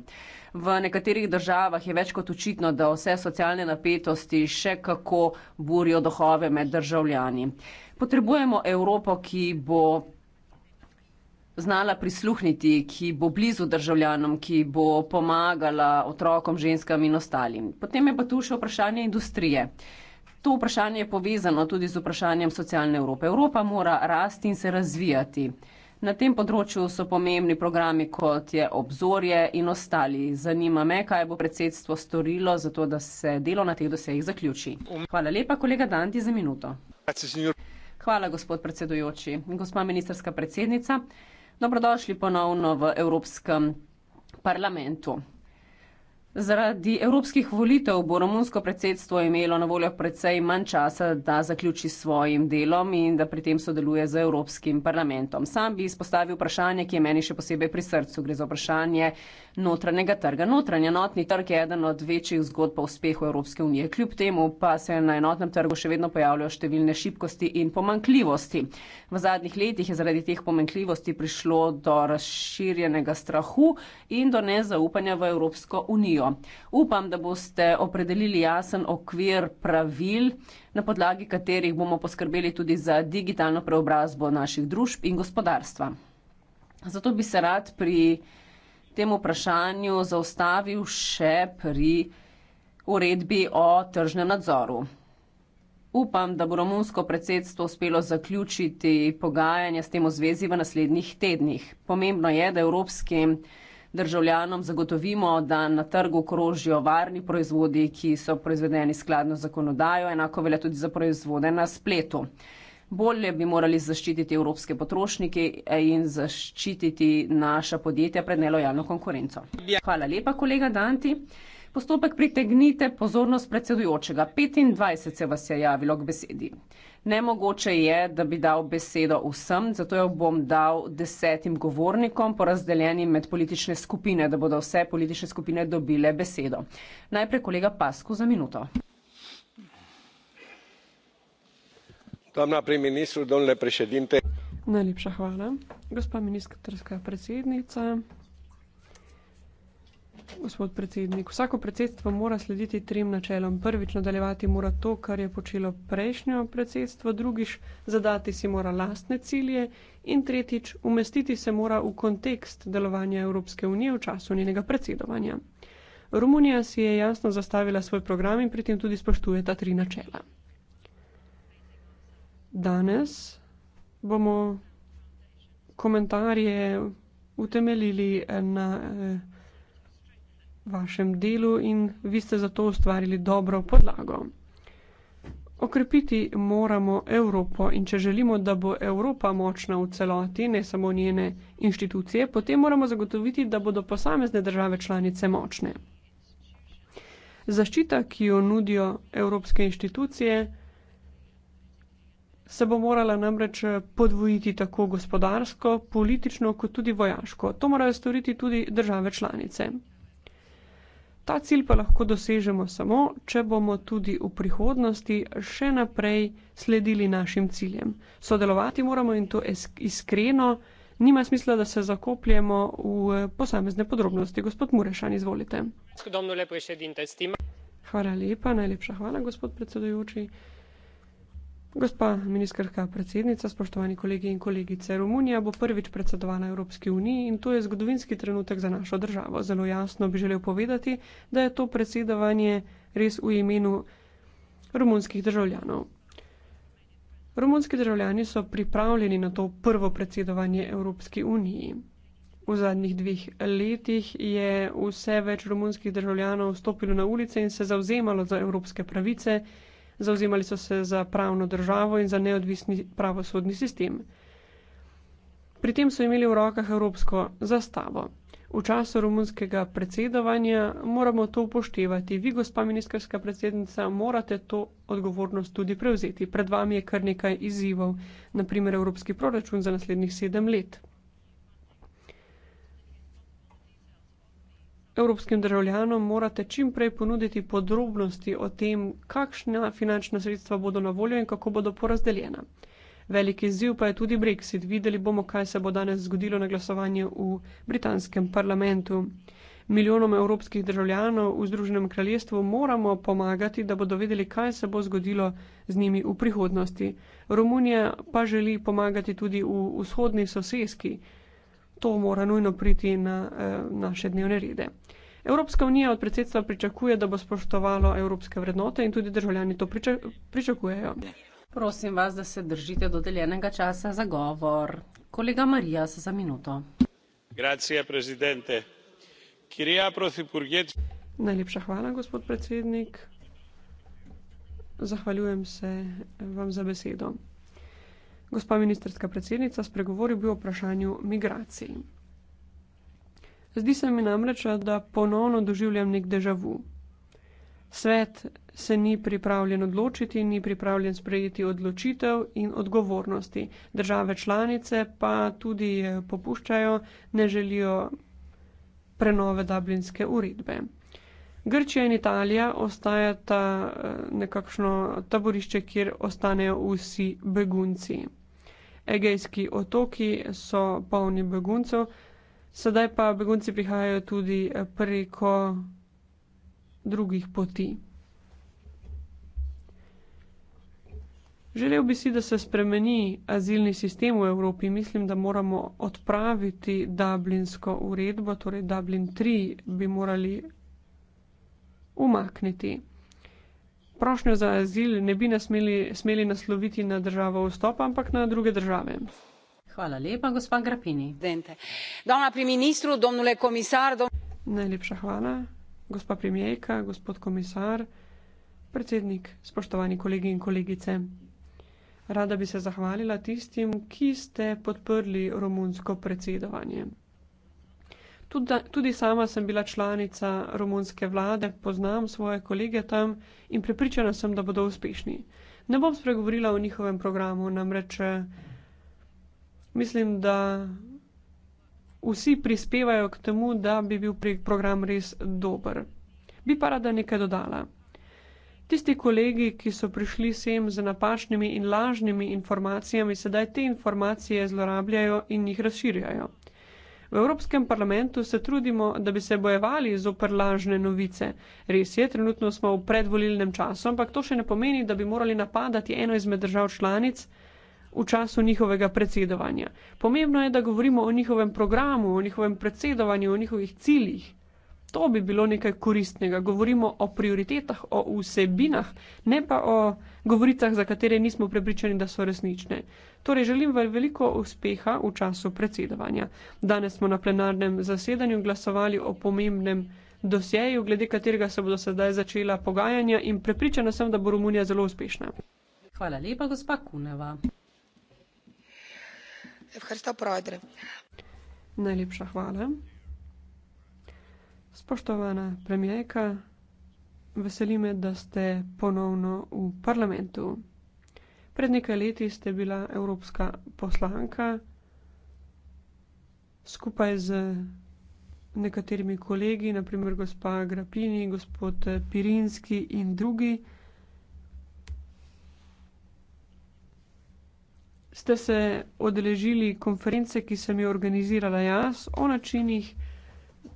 V nekaterih državah je več kot očitno, da vse socialne napetosti še kako burijo dohove med državljani. Potrebujemo Evropo, ki bo znala prisluhniti, ki bo blizu državljanom, ki bo pomagala otrokom, ženskam in ostalim. Potem je pa tu še vprašanje industrije. To vprašanje je povezano tudi z vprašanjem socialne Evrope. Evropa mora rasti in se razvijati. Na tem področju so pomembni programi, kot je obzorje in ostali. Zanima me, kaj bo predsedstvo storilo, zato da se delo na teh dosejih zaključi. Hvala lepa, kolega Danti, za minuto. Hvala, gospod predsedujoči. Gospa ministerska predsednica. Dobrodošli ponovno v Evropskem parlamentu. Zaradi evropskih volitev bo romunsko predsedstvo imelo na voljo precej manj časa, da zaključi svojim delom in da pri tem sodeluje z Evropskim parlamentom. Sam bi izpostavil vprašanje, ki je meni še posebej pri srcu. Gre za vprašanje notranjega trga. Notranji enotni trg je eden od večjih zgodb po uspehu Evropske unije. Kljub temu pa se na enotnem trgu še vedno pojavljajo številne šibkosti in pomankljivosti. V zadnjih letih je zaradi teh pomankljivosti prišlo do razširjenega strahu in do nezaupanja v Evropsko unijo. Upam, da boste opredelili jasen okvir pravil, na podlagi katerih bomo poskrbeli tudi za digitalno preobrazbo naših družb in gospodarstva. Zato bi se rad pri tem vprašanju zaustavil še pri uredbi o tržnem nadzoru. Upam, da bo romunsko predsedstvo uspelo zaključiti pogajanja s tem v zvezi v naslednjih tednih. Pomembno je, da evropskim državljanom zagotovimo, da na trgu krožijo varni proizvodi, ki so proizvedeni skladno z zakonodajo, enako velja tudi za proizvode na spletu bolje bi morali zaščititi evropske potrošnike in zaščititi naša podjetja pred nelojalno konkurenco. Hvala lepa, kolega Danti. Postopek pritegnite pozornost predsedujočega. 25 se vas je javilo k besedi. Nemogoče je, da bi dal besedo vsem, zato jo bom dal desetim govornikom, porazdeljenim med politične skupine, da bodo vse politične skupine dobile besedo. Najprej kolega Pasku za minuto. doamnă prim ministru, domnule președinte. Najlepša hvala, gospa ministrska predsednica. Gospod predsednik, vsako predsedstvo mora slediti trim načelom. Prvič, nadaljevati mora to, kar je počelo prejšnjo predsedstvo, drugič, zadati si mora lastne cilje in tretjič, umestiti se mora v kontekst delovanja Evropske unije v času njenega predsedovanja. Romunija si je jasno zastavila svoj program in pri tem tudi spoštuje ta tri načela. Danes bomo komentarje utemeljili na eh, vašem delu in vi ste za to ustvarili dobro podlago. Okrepiti moramo Evropo in če želimo, da bo Evropa močna v celoti, ne samo njene inštitucije, potem moramo zagotoviti, da bodo posamezne države članice močne. Zaščita, ki jo nudijo evropske inštitucije, se bo morala namreč eh, podvojiti tako gospodarsko, politično kot tudi vojaško. To morajo storiti tudi države članice. Ta cilj pa lahko dosežemo samo, če bomo tudi v prihodnosti še naprej sledili našim ciljem. Sodelovati moramo in to iskreno, nima smisla, da se zakopljemo v eh, posamezne podrobnosti. Gospod Murešan, izvolite. Hvala lepa, najlepša hvala, gospod predsedujoči. Gospa ministrska predsednica, spoštovani kolegi in kolegice, Romunija bo prvič predsedovala Evropski uniji in to je zgodovinski trenutek za našo državo. Zelo jasno bi želel povedati, da je to predsedovanje res v imenu romunskih državljanov. Romunski državljani so pripravljeni na to prvo predsedovanje Evropski uniji. V zadnjih dveh letih je vse več romunskih državljanov stopilo na ulice in se zauzemalo za evropske pravice zauzemali so se za pravno državo in za neodvisni pravosodni sistem. Pri tem so imeli v rokah evropsko zastavo. V času romunskega predsedovanja moramo to upoštevati. Vi, gospa ministerska predsednica, morate to odgovornost tudi prevzeti. Pred vami je kar nekaj izzivov, naprimer evropski proračun za naslednjih sedem let. evropskim državljanom morate čim prej ponuditi podrobnosti o tem, kakšna finančna sredstva bodo na voljo in kako bodo porazdeljena. Veliki ziv pa je tudi Brexit. Videli bomo, kaj se bo danes zgodilo na glasovanju v britanskem parlamentu. Milijonom evropskih državljanov v Združenem kraljestvu moramo pomagati, da bodo vedeli, kaj se bo zgodilo z njimi v prihodnosti. Romunija pa želi pomagati tudi v vzhodni soseski, to mora nujno priti na eh, naše dnevne rede. Evropska unija od predsedstva pričakuje, da bo spoštovalo evropske vrednote in tudi državljani to pričakujejo. Prosim vas, da se držite dodeljenega časa za govor. Kolega Marija, za minuto. Grazie, presidente. Kiria Prosipurgec. Najlepša hvala, gospod predsednik. Zahvaljujem se eh, vam za besedo gospa ministerska predsednica spregovoril bi o vprašanju migracij. Zdi se mi namreč, da ponovno doživljam nek državu. Svet se ni pripravljen odločiti, ni pripravljen sprejeti odločitev in odgovornosti. Države članice pa tudi eh, popuščajo, ne želijo prenove dublinske uredbe. Grčija in Italija ostajata eh, nekakšno taborišče, kjer ostanejo vsi begunci. Egejski otoki so polni beguncev, sedaj pa begunci prihajajo tudi eh, preko drugih poti. Želel bi si, da se spremeni azilni sistem v Evropi. Mislim, da moramo odpraviti Dublinsko uredbo, torej Dublin 3 bi morali umakniti. Prošnjo za azil ne bi nasmeli, smeli nasloviti na državo vstopa, ampak na druge države. Hvala lepa, gospod Grapini. Ministru, komisar, dom... Najlepša hvala, gospa premijejka, gospod komisar, predsednik, spoštovani kolegi in kolegice. Rada bi se zahvalila tistim, ki ste podprli romunsko predsedovanje tudi, tudi sama sem bila članica romunske vlade, poznam svoje kolege tam in prepričana sem, da bodo uspešni. Ne bom spregovorila o njihovem programu, namreč eh, mislim, da vsi prispevajo k temu, da bi bil program res dober. Bi pa rada nekaj dodala. Tisti kolegi, ki so prišli sem z napačnimi in lažnimi informacijami, sedaj te informacije zlorabljajo in jih razširjajo. V Evropskem parlamentu se trudimo, da bi se bojevali z oprlažne novice. Res je, trenutno smo v predvolilnem času, ampak to še ne pomeni, da bi morali napadati eno izmed držav članic v času njihovega predsedovanja. Pomembno je, da govorimo o njihovem programu, o njihovem predsedovanju, o njihovih ciljih. To bi bilo nekaj koristnega. Govorimo o prioritetah, o vsebinah, ne pa o govoricah, za katere nismo prepričani, da so resnične. Torej, želim vam veliko uspeha v času predsedovanja. Danes smo na plenarnem zasedanju glasovali o pomembnem dosjeju, glede katerega se bodo sedaj začela pogajanja in prepričana sem, da bo Romunija zelo uspešna. Hvala lepa, gospa Kuneva. Najlepša hvala. Spoštovana premijajka, veseli me, da ste ponovno v parlamentu. Pred nekaj leti ste bila evropska poslanka skupaj z nekaterimi kolegi, naprimer gospa Grapini, gospod Pirinski in drugi. Ste se odeležili konference, ki sem jo organizirala jaz, o načinih,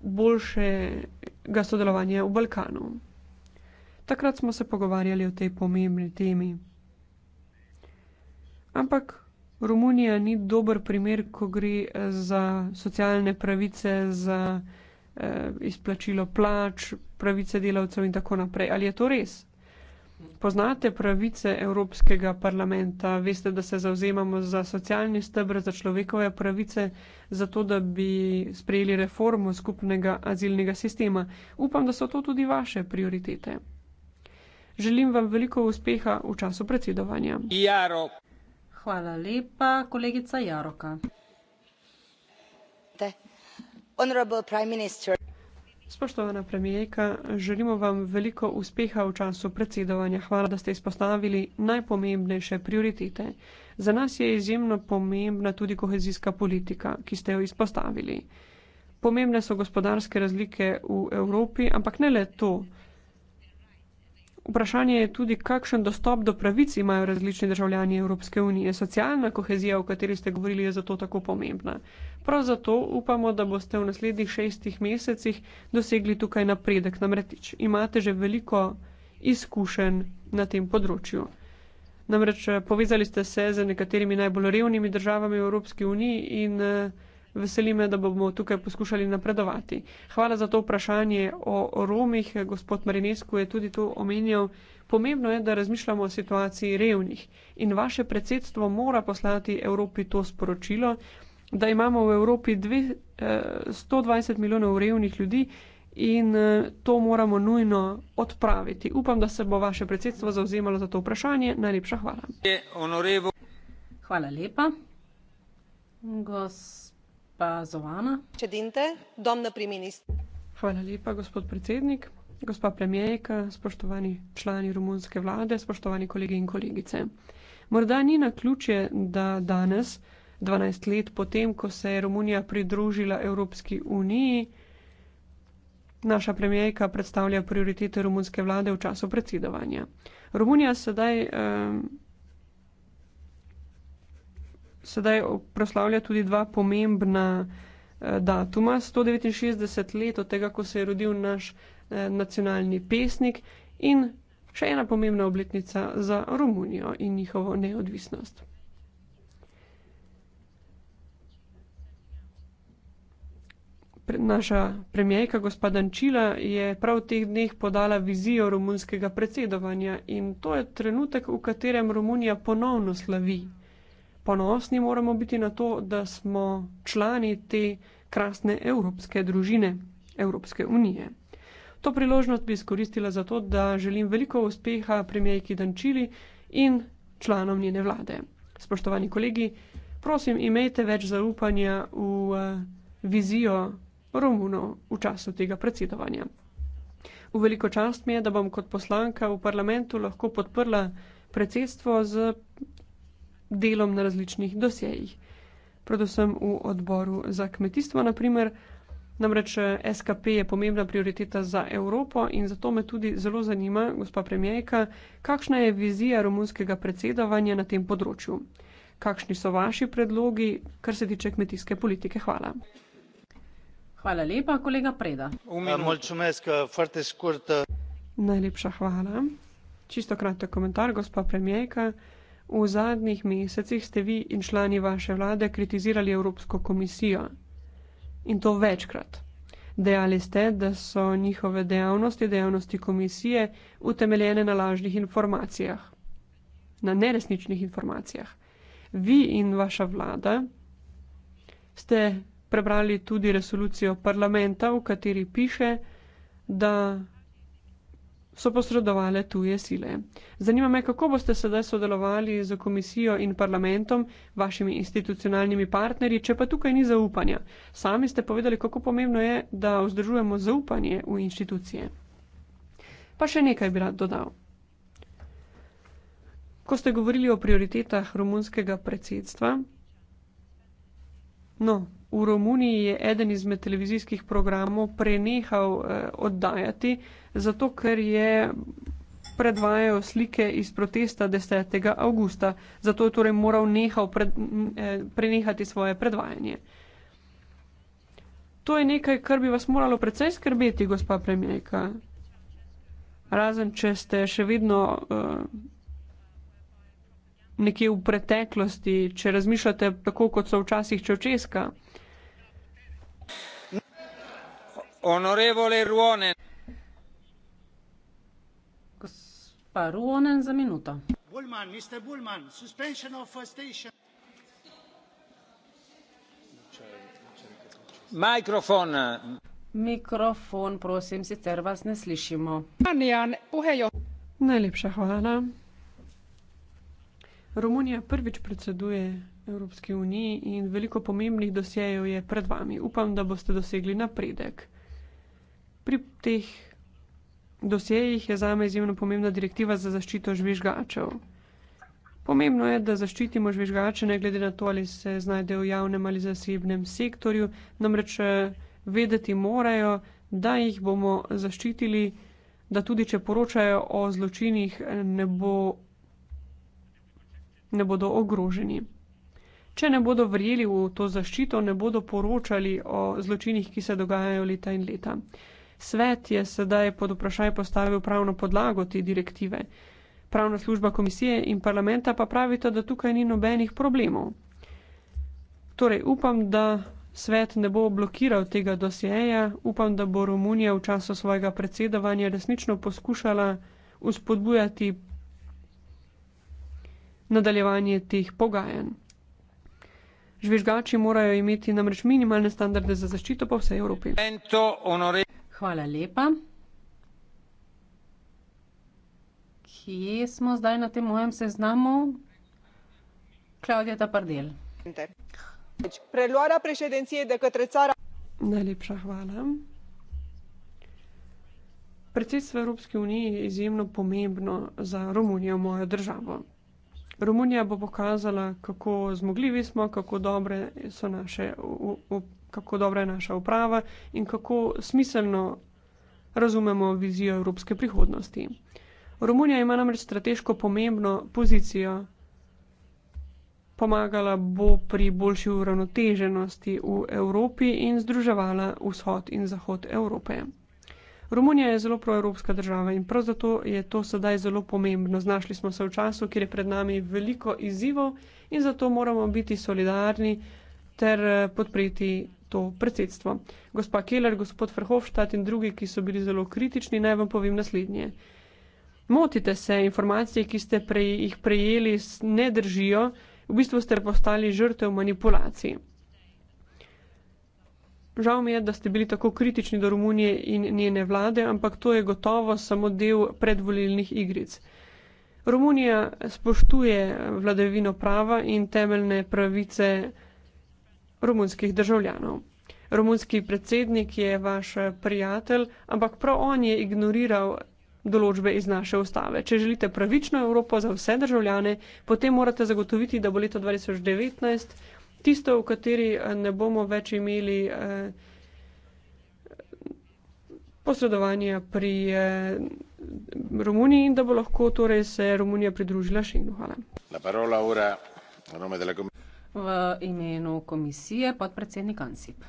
boljšega sodelovanja v Balkanu. Takrat smo se pogovarjali o tej pomembni temi. Ampak Romunija ni dober primer, ko gre eh, za socialne pravice, za eh, izplačilo plač, pravice delavcev in tako naprej. Ali je to res? Poznate pravice Evropskega parlamenta, veste, da se zauzemamo za socialni stebr, za človekove pravice, za to, da bi sprejeli reformo skupnega azilnega sistema. Upam, da so to tudi vaše prioritete. Želim vam veliko uspeha v času predsedovanja. Jaro. Hvala lepa, kolegica Jaroka. Spoštovana premijejka, želimo vam veliko uspeha v času predsedovanja. Hvala, da ste izpostavili najpomembnejše prioritete. Za nas je izjemno pomembna tudi kohezijska politika, ki ste jo izpostavili. Pomembne so gospodarske razlike v Evropi, ampak ne le to. Vprašanje je tudi, kakšen dostop do pravic imajo različni državljani Evropske unije. Socialna kohezija, o kateri ste govorili, je zato tako pomembna. Prav zato upamo, da boste v naslednjih šestih mesecih dosegli tukaj napredek. Namreč imate že veliko izkušenj na tem področju. Namreč eh, povezali ste se z nekaterimi najbolj revnimi državami v Evropski uniji in eh, Veseli me, da bomo tukaj poskušali napredovati. Hvala za to vprašanje o Romih. Gospod Marinesku je tudi to omenjal. Pomembno je, da razmišljamo o situaciji revnih in vaše predsedstvo mora poslati Evropi to sporočilo, da imamo v Evropi dve, eh, 120 milijonov revnih ljudi in eh, to moramo nujno odpraviti. Upam, da se bo vaše predsedstvo zauzemalo za to vprašanje. Najlepša hvala. Hvala lepa. Gospod. Hvala lepa, gospod predsednik, gospa premijerka, spoštovani člani romunske vlade, spoštovani kolegi in kolegice. Morda ni na ključje, da danes, 12 let potem, ko se je Romunija pridružila Evropski uniji, naša premijerka predstavlja prioritete romunske vlade v času predsedovanja. Romunija sedaj. Eh, sedaj proslavlja tudi dva pomembna eh, datuma. 169 let od tega, ko se je rodil naš eh, nacionalni pesnik in še ena pomembna obletnica za Romunijo in njihovo neodvisnost. Naša premijejka gospa Dančila je prav v teh dneh podala vizijo romunskega predsedovanja in to je trenutek, v katerem Romunija ponovno slavi ponosni moramo biti na to, da smo člani te krasne evropske družine, Evropske unije. To priložnost bi izkoristila za to, da želim veliko uspeha premijejki Dančili in članom njene vlade. Spoštovani kolegi, prosim, imejte več zaupanja v eh, vizijo Romunov v času tega predsedovanja. V veliko čast mi je, da bom kot poslanka v parlamentu lahko podprla predsedstvo z delom na različnih dosjejih. Predvsem v odboru za kmetijstvo, naprimer, namreč eh, SKP je pomembna prioriteta za Evropo in zato me tudi zelo zanima, gospa premijejka, kakšna je vizija romunskega predsedovanja na tem področju. Kakšni so vaši predlogi, kar se tiče kmetijske politike? Hvala. Hvala lepa, kolega Preda. Eh, eh. Najlepša hvala. Čisto kratek komentar, gospa premijejka. V zadnjih mesecih ste vi in člani vaše vlade kritizirali Evropsko komisijo in to večkrat. Dejali ste, da so njihove dejavnosti, dejavnosti komisije, utemeljene na lažnih informacijah, na neresničnih informacijah. Vi in vaša vlada ste prebrali tudi resolucijo parlamenta, v kateri piše, da so posredovale tuje sile. Zanima me, kako boste sedaj sodelovali z komisijo in parlamentom, vašimi institucionalnimi partnerji, če pa tukaj ni zaupanja. Sami ste povedali, kako pomembno je, da vzdržujemo zaupanje v inštitucije. Pa še nekaj bi rad dodal. Ko ste govorili o prioritetah romunskega predsedstva, no, V Romuniji je eden izmed televizijskih programov prenehal eh, oddajati, zato ker je predvajal slike iz protesta 10. augusta. Zato je torej moral nehal pred, eh, prenehati svoje predvajanje. To je nekaj, kar bi vas moralo precej skrbeti, gospa premijejka. Razen, če ste še vedno eh, nekje v preteklosti, če razmišljate tako, kot so včasih čočeska? Honorevole Ruonen. Gospa Ruonen za minuto. Bulman, mister Bulman, suspension of station. Mikrofon. Mikrofon, prosim, sicer vas ne slišimo. Najlepša hvala. Romunija prvič predseduje Evropski uniji in veliko pomembnih dosjejev je pred vami. Upam, da boste dosegli napredek. Pri teh dosjejih je zame izjemno pomembna direktiva za zaščito žvižgačev. Pomembno je, da zaščitimo žvižgače, ne glede na to, ali se znajdejo v javnem ali zasebnem sektorju, namreč eh, vedeti morajo, da jih bomo zaščitili, da tudi če poročajo o zločinih, eh, ne bo ne bodo ogroženi. Če ne bodo verjeli v to zaščito, ne bodo poročali o zločinih, ki se dogajajo leta in leta. Svet je sedaj pod vprašaj postavil pravno podlago te direktive. Pravna služba komisije in parlamenta pa pravita, da tukaj ni nobenih problemov. Torej upam, da svet ne bo blokiral tega dosjeja, upam, da bo Romunija v času svojega predsedovanja resnično poskušala uspodbujati nadaljevanje teh pogajanj. Žvižgači morajo imeti namreč minimalne standarde za zaščito po vsej Evropi. Hvala lepa. Kje smo zdaj na tem mojem seznamu? Klaudija Tapardel. Preloara prešedencije, da katre cara. Najlepša hvala. Predsedstvo Evropske unije je izjemno pomembno za Romunijo, mojo državo. Romunija bo pokazala, kako zmogljivi smo, kako dobre so naše. V, v, Kako dobra je naša uprava in kako smiselno razumemo vizijo evropske prihodnosti. Romunija ima namreč strateško pomembno pozicijo, pomagala bo pri boljši uravnoteženosti v Evropi in združevala vzhod in zahod Evrope. Romunija je zelo proevropska država in prav zato je to sedaj zelo pomembno. Znašli smo se v času, kjer je pred nami veliko izzivov in zato moramo biti solidarni ter eh, podpreti to predsedstvo. Gospa Keller, gospod Verhofstadt in drugi, ki so bili zelo kritični, naj vam povem naslednje. Motite se, informacije, ki ste prej, jih prejeli, ne držijo, v bistvu ste postali žrtev manipulacij. Žal mi je, da ste bili tako kritični do Romunije in njene vlade, ampak to je gotovo samo del predvolilnih igric. Romunija spoštuje vladavino prava in temeljne pravice romunskih državljanov. Romunski predsednik je vaš prijatelj, ampak prav on je ignoriral določbe iz naše ustave. Če želite pravično Evropo za vse državljane, potem morate zagotoviti, da bo leto 2019 tisto, v kateri eh, ne bomo več imeli eh, posredovanja pri eh, Romuniji in da bo lahko torej se Romunija pridružila še in hvala. V imenu komisije podpredsednik Ansip.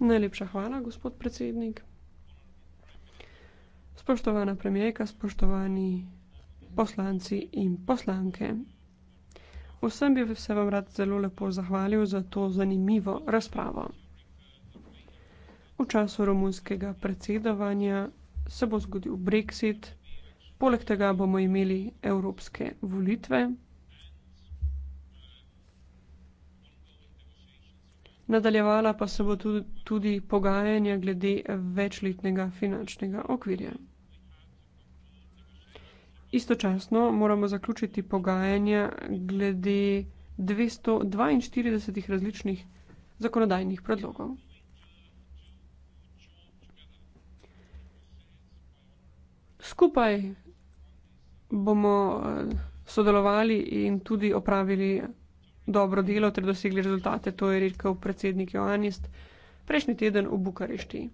Najlepša hvala, gospod predsednik. Spoštovana premijerka, spoštovani poslanci in poslanke. Vsem bi se vam rad zelo lepo zahvalil za to zanimivo razpravo. V času romunskega predsedovanja se bo zgodil brexit, poleg tega bomo imeli evropske volitve. Nadaljevala pa se bo tudi pogajanja glede večletnega finančnega okvirja. Istočasno moramo zaključiti pogajanja glede 242 različnih zakonodajnih predlogov. Skupaj bomo eh, sodelovali in tudi opravili dobro delo ter dosegli rezultate, to je rekel predsednik Joannist prejšnji teden v Bukarešti.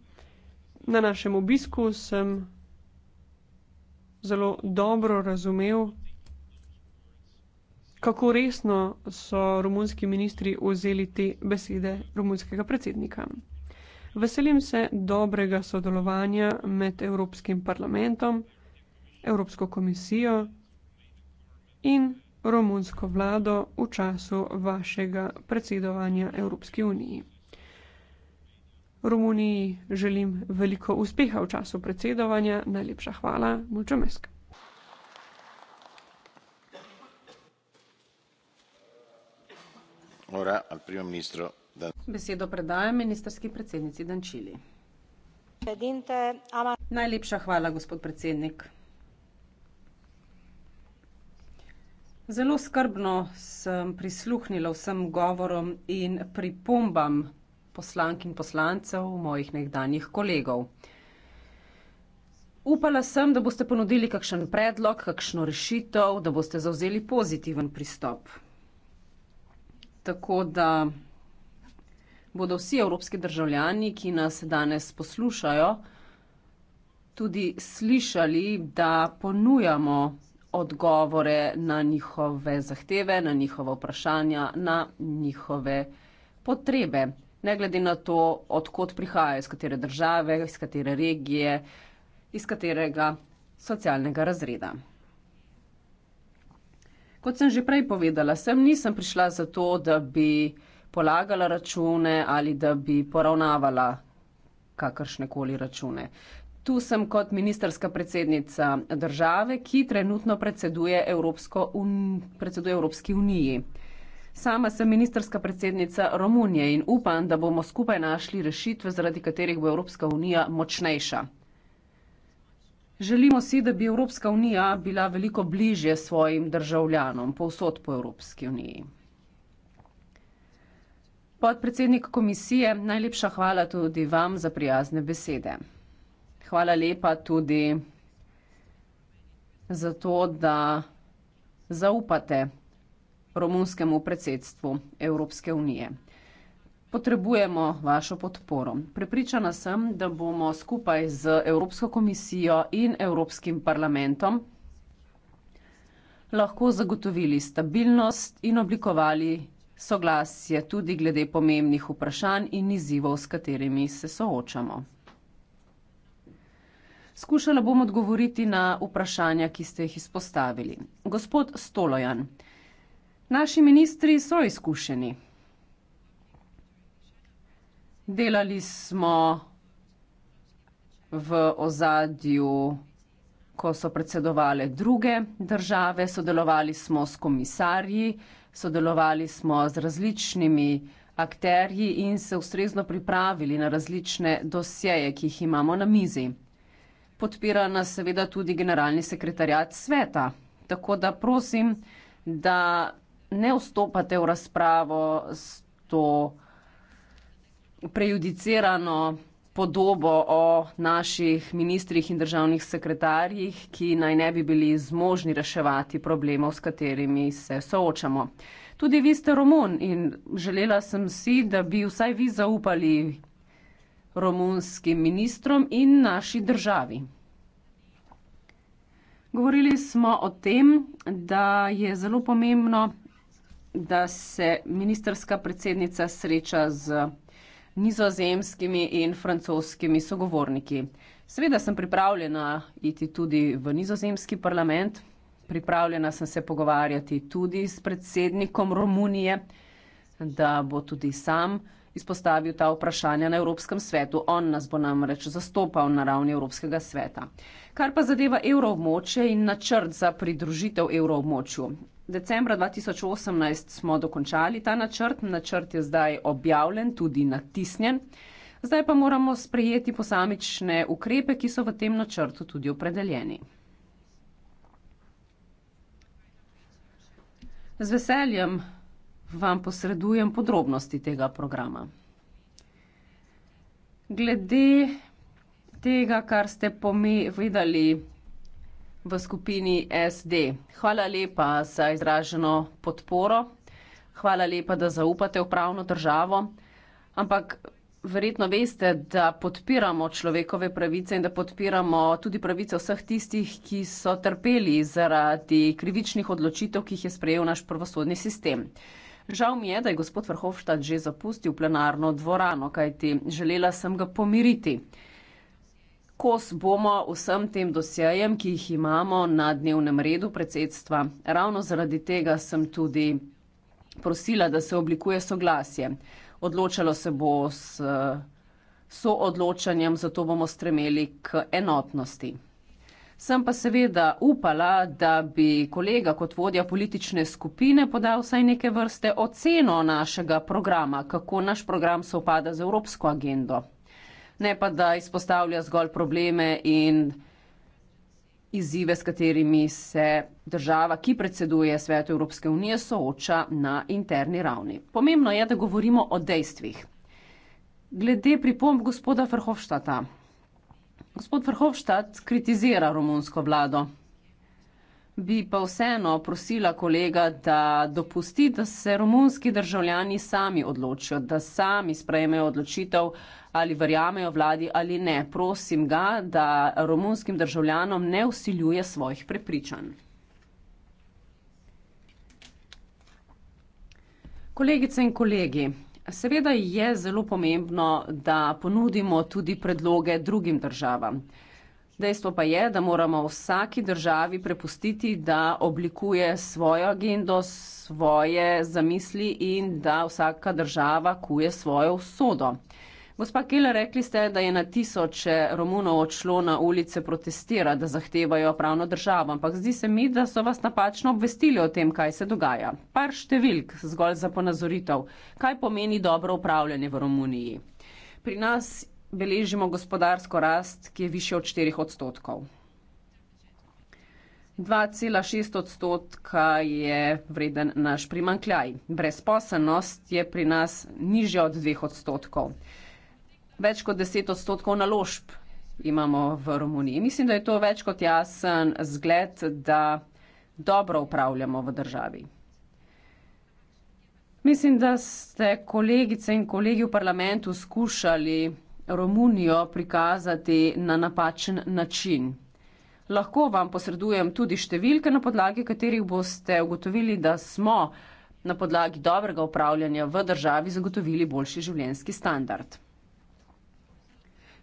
Na našem obisku sem zelo dobro razumel, kako resno so romunski ministri vzeli te besede romunskega predsednika. Veselim se dobrega sodelovanja med Evropskim parlamentom, Evropsko komisijo in romunsko vlado v času vašega predsedovanja Evropski uniji. Romuniji želim veliko uspeha v času predsedovanja. Najlepša hvala, Mulčomesk. Ora, al primo ministro. Da... Besedo predajam ministerski predsednici Dančili. Predinte, ama... Najlepša hvala, gospod predsednik. Zelo skrbno sem prisluhnila vsem govorom in pripombam poslank in poslancev, mojih nekdanjih kolegov. Upala sem, da boste ponudili kakšen predlog, kakšno rešitev, da boste zauzeli pozitiven pristop. Tako da bodo vsi evropski državljani, ki nas danes poslušajo, tudi slišali, da ponujamo odgovore na njihove zahteve, na njihove vprašanja, na njihove potrebe ne glede na to, odkot prihajajo, iz katere države, iz katere regije, iz katerega socialnega razreda. Kot sem že prej povedala, sem nisem prišla zato, da bi polagala račune ali da bi poravnavala kakršnekoli račune. Tu sem kot ministerska predsednica države, ki trenutno predseduje, Evropsko un predseduje Evropski uniji. Sama sem ministerska predsednica Romunije in upam, da bomo skupaj našli rešitve, zaradi katerih bo Evropska unija močnejša. Želimo si, da bi Evropska unija bila veliko bližje svojim državljanom, povsod po Evropski uniji. Podpredsednik komisije, najlepša hvala tudi vam za prijazne besede. Hvala lepa tudi za to, da zaupate romunskemu predsedstvu Evropske unije. Potrebujemo vašo podporo. Prepričana sem, da bomo skupaj z Evropsko komisijo in Evropskim parlamentom lahko zagotovili stabilnost in oblikovali soglasje tudi glede pomembnih vprašanj in izzivov, s katerimi se soočamo. Skušala bom odgovoriti na vprašanja, ki ste jih izpostavili. Gospod Stolojan, Naši ministri so izkušeni. Delali smo v ozadju, ko so predsedovale druge države, sodelovali smo s komisarji, sodelovali smo z različnimi akterji in se ustrezno pripravili na različne dosjeje, ki jih imamo na mizi. Podpira nas seveda tudi generalni sekretarjat sveta. Tako da prosim, da ne vstopate v razpravo s to prejudicirano podobo o naših ministrih in državnih sekretarjih, ki naj ne bi bili zmožni reševati problemov, s katerimi se soočamo. Tudi vi ste Romun in želela sem si, da bi vsaj vi zaupali romunskim ministrom in naši državi. Govorili smo o tem, da je zelo pomembno, da se ministerska predsednica sreča z nizozemskimi in francoskimi sogovorniki. Seveda sem pripravljena iti tudi v nizozemski parlament, pripravljena sem se pogovarjati tudi s predsednikom Romunije, da bo tudi sam izpostavil ta vprašanja na Evropskem svetu. On nas bo namreč zastopal na ravni Evropskega sveta. Kar pa zadeva evroobmoče in načrt za pridružitev evroobmočju. Decembra 2018 smo dokončali ta načrt, načrt je zdaj objavljen, tudi natisnjen. Zdaj pa moramo sprejeti posamične ukrepe, ki so v tem načrtu tudi opredeljeni. Z veseljem vam posredujem podrobnosti tega programa. Glede tega, kar ste povedali, v skupini SD. Hvala lepa za izraženo podporo, hvala lepa, da zaupate v pravno državo, ampak verjetno veste, da podpiramo človekove pravice in da podpiramo tudi pravice vseh tistih, ki so trpeli zaradi krivičnih odločitev, ki jih je sprejel naš pravosodni sistem. Žal mi je, da je gospod Vrhovštad že zapustil plenarno dvorano, kajti želela sem ga pomiriti kos bomo vsem tem dosjejem, ki jih imamo na dnevnem redu predsedstva. Ravno zaradi tega sem tudi prosila, da se oblikuje soglasje. Odločalo se bo s soodločanjem, zato bomo stremeli k enotnosti. Sem pa seveda upala, da bi kolega kot vodja politične skupine podal vsaj neke vrste oceno našega programa, kako naš program se upada z evropsko agendo ne pa da izpostavlja zgolj probleme in izzive, s katerimi se država, ki predseduje svetu Evropske unije, sooča na interni ravni. Pomembno je, da govorimo o dejstvih. Glede pripomb gospoda Frhovštata. Gospod Frhovštat kritizira romunsko vlado bi pa vseeno prosila kolega, da dopusti, da se romunski državljani sami odločijo, da sami sprejmejo odločitev ali verjamejo vladi ali ne. Prosim ga, da romunskim državljanom ne usiljuje svojih prepričanj. Kolegice in kolegi, seveda je zelo pomembno, da ponudimo tudi predloge drugim državam. Dejstvo pa je, da moramo vsaki državi prepustiti, da oblikuje svojo agendo, svoje zamisli in da vsaka država kuje svojo usodo. Gospa Keller, rekli ste, da je na tisoče Romunov odšlo na ulice protestirati, da zahtevajo pravno državo, ampak zdi se mi, da so vas napačno obvestili o tem, kaj se dogaja. Par številk zgolj za ponazoritev, kaj pomeni dobro upravljanje v Romuniji. Pri nas beležimo gospodarsko rast, ki je više od 4 odstotkov. 2,6 odstotka je vreden naš primankljaj. Brezposelnost je pri nas nižja od 2 odstotkov. Več kot 10 odstotkov naložb imamo v Romuniji. Mislim, da je to več kot jasen zgled, da dobro upravljamo v državi. Mislim, da ste kolegice in kolegi v parlamentu skušali Romunijo prikazati na napačen način. Lahko vam posredujem tudi številke, na podlagi katerih boste ugotovili, da smo na podlagi dobrega upravljanja v državi zagotovili boljši življenski standard.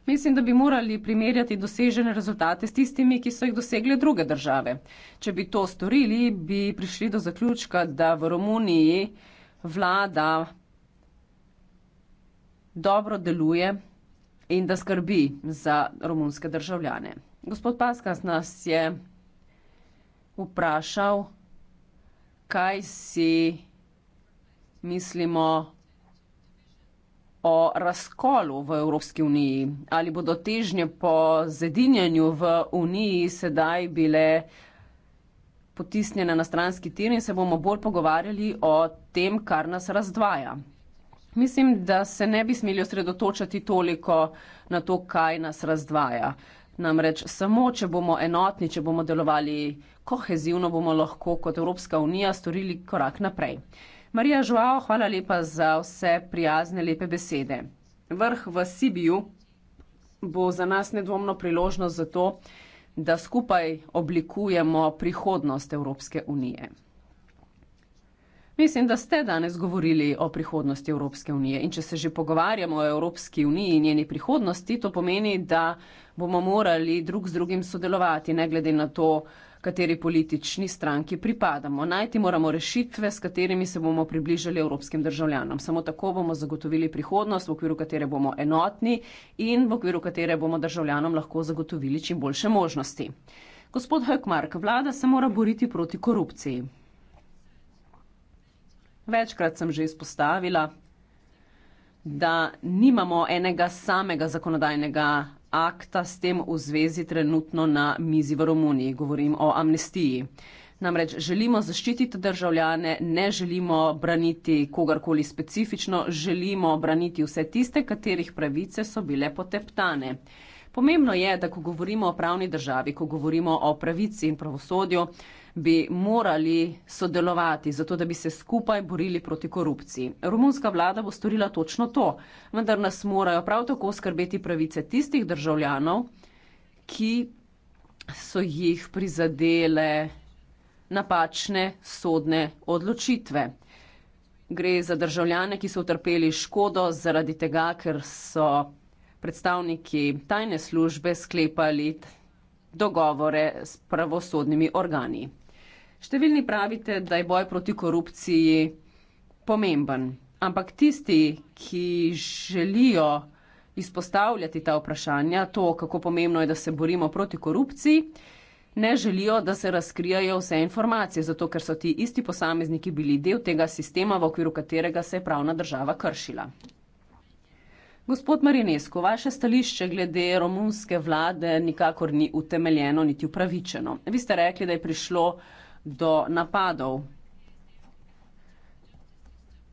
Mislim, da bi morali primerjati dosežene rezultate s tistimi, ki so jih dosegle druge države. Če bi to storili, bi prišli do zaključka, da v Romuniji vlada dobro deluje in da skrbi za romunske državljane. Gospod Paskas nas je vprašal, kaj si mislimo o razkolu v Evropski uniji. Ali bodo težnje po zedinjanju v uniji sedaj bile potisnjene na stranski tir in se bomo bolj pogovarjali o tem, kar nas razdvaja. Mislim, da se ne bi smeli osredotočati toliko na to, kaj nas razdvaja. Namreč samo, če bomo enotni, če bomo delovali kohezivno, bomo lahko kot Evropska unija storili korak naprej. Marija Žuao, hvala lepa za vse prijazne, lepe besede. Vrh v Sibiju bo za nas nedvomno priložnost za to, da skupaj oblikujemo prihodnost Evropske unije. Mislim, da ste danes govorili o prihodnosti Evropske unije in če se že pogovarjamo o Evropski uniji in njeni prihodnosti, to pomeni, da bomo morali drug z drugim sodelovati, ne glede na to, kateri politični stranki pripadamo. Najti moramo rešitve, s katerimi se bomo približali evropskim državljanom. Samo tako bomo zagotovili prihodnost, v okviru katere bomo enotni in v okviru katere bomo državljanom lahko zagotovili čim boljše možnosti. Gospod Hökmark, vlada se mora boriti proti korupciji. Večkrat sem že izpostavila, da nimamo enega samega zakonodajnega akta s tem v zvezi trenutno na mizi v Romuniji. Govorim o amnestiji. Namreč želimo zaščititi državljane, ne želimo braniti kogarkoli specifično, želimo braniti vse tiste, katerih pravice so bile poteptane. Pomembno je, da ko govorimo o pravni državi, ko govorimo o pravici in pravosodju, bi morali sodelovati, zato da bi se skupaj borili proti korupciji. Romunska vlada bo storila točno to, vendar nas morajo prav tako skrbeti pravice tistih državljanov, ki so jih prizadele napačne sodne odločitve. Gre za državljane, ki so utrpeli škodo zaradi tega, ker so predstavniki tajne službe sklepali dogovore s pravosodnimi organi. Številni pravite, da je boj proti korupciji pomemben, ampak tisti, ki želijo izpostavljati ta vprašanja, to, kako pomembno je, da se borimo proti korupciji, ne želijo, da se razkrijajo vse informacije, zato ker so ti isti posamezniki bili del tega sistema, v okviru katerega se je pravna država kršila. Gospod Marinesko, vaše stališče glede romunske vlade nikakor ni utemeljeno niti upravičeno. Vi ste rekli, da je prišlo do napadov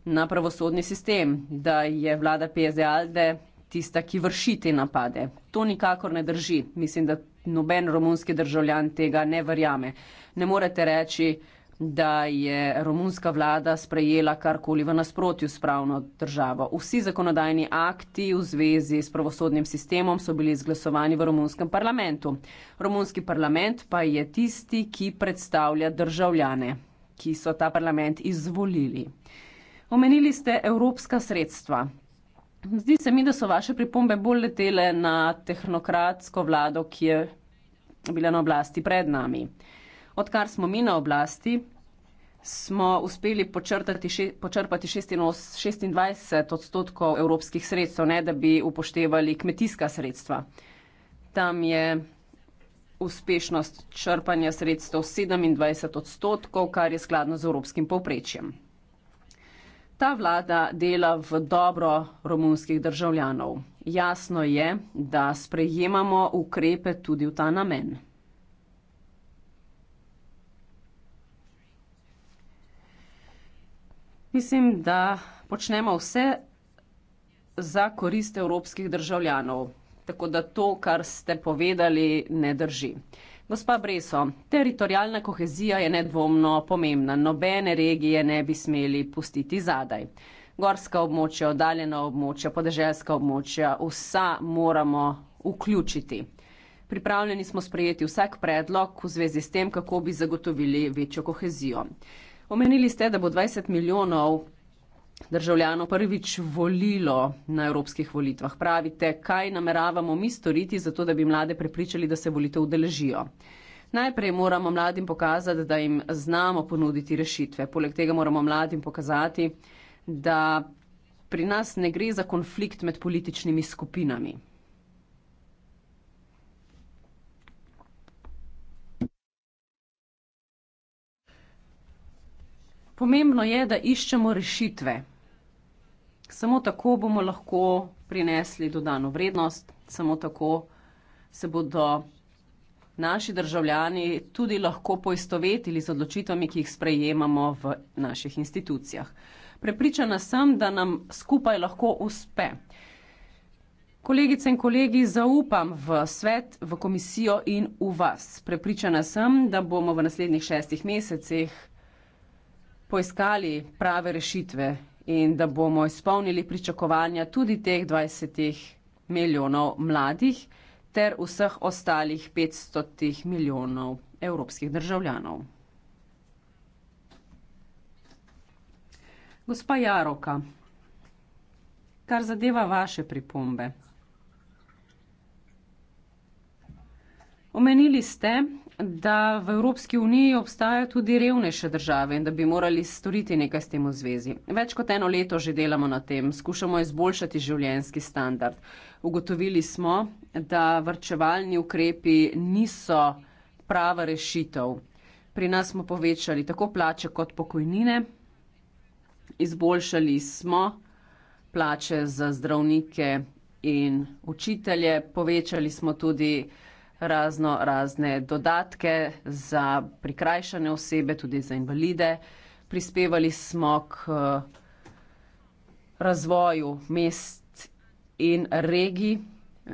na pravosodni sistem, da je vlada PSD-Alde tista, ki vrši te napade. To nikakor ne drži. Mislim, da noben romunski državljan tega ne verjame. Ne morete reči, da je romunska vlada sprejela karkoli v nasprotju s pravno državo. Vsi zakonodajni akti v zvezi s pravosodnim sistemom so bili izglasovani v romunskem parlamentu. Romunski parlament pa je tisti, ki predstavlja državljane, ki so ta parlament izvolili. Omenili ste evropska sredstva. Zdi se mi, da so vaše pripombe bolj letele na tehnokratsko vlado, ki je bila na oblasti pred nami odkar smo mi na oblasti, smo uspeli še, počrpati 26 odstotkov evropskih sredstev, ne da bi upoštevali kmetijska sredstva. Tam je uspešnost črpanja sredstev 27 odstotkov, kar je skladno z evropskim povprečjem. Ta vlada dela v dobro romunskih državljanov. Jasno je, da sprejemamo ukrepe tudi v ta namen. Mislim, da počnemo vse za korist evropskih državljanov. Tako da to, kar ste povedali, ne drži. Gospa Breso, teritorijalna kohezija je nedvomno pomembna. Nobene regije ne bi smeli pustiti zadaj. Gorska območja, oddaljena območja, podeželska območja, vsa moramo vključiti. Pripravljeni smo sprejeti vsak predlog v zvezi s tem, kako bi zagotovili večjo kohezijo. Omenili ste, da bo 20 milijonov državljanov prvič volilo na evropskih volitvah. Pravite, kaj nameravamo mi storiti, zato da bi mlade prepričali, da se volitev udeležijo. Najprej moramo mladim pokazati, da jim znamo ponuditi rešitve. Poleg tega moramo mladim pokazati, da pri nas ne gre za konflikt med političnimi skupinami. Pomembno je, da iščemo rešitve. Samo tako bomo lahko prinesli dodano vrednost, samo tako se bodo naši državljani tudi lahko poistovetili z odločitvami, ki jih sprejemamo v naših institucijah. Prepričana sem, da nam skupaj lahko uspe. Kolegice in kolegi, zaupam v svet, v komisijo in v vas. Prepričana sem, da bomo v naslednjih šestih mesecih poiskali prave rešitve in da bomo izpolnili pričakovanja tudi teh 20 milijonov mladih ter vseh ostalih 500 milijonov evropskih državljanov. Gospa Jaroka, kar zadeva vaše pripombe. Omenili ste, da v Evropski uniji obstajajo tudi revnejše države in da bi morali storiti nekaj s tem v zvezi. Več kot eno leto že delamo na tem, skušamo izboljšati življenski standard. Ugotovili smo, da vrčevalni ukrepi niso prava rešitev. Pri nas smo povečali tako plače kot pokojnine, izboljšali smo plače za zdravnike in učitelje, povečali smo tudi razno razne dodatke za prikrajšane osebe, tudi za invalide. Prispevali smo k eh, razvoju mest in regij.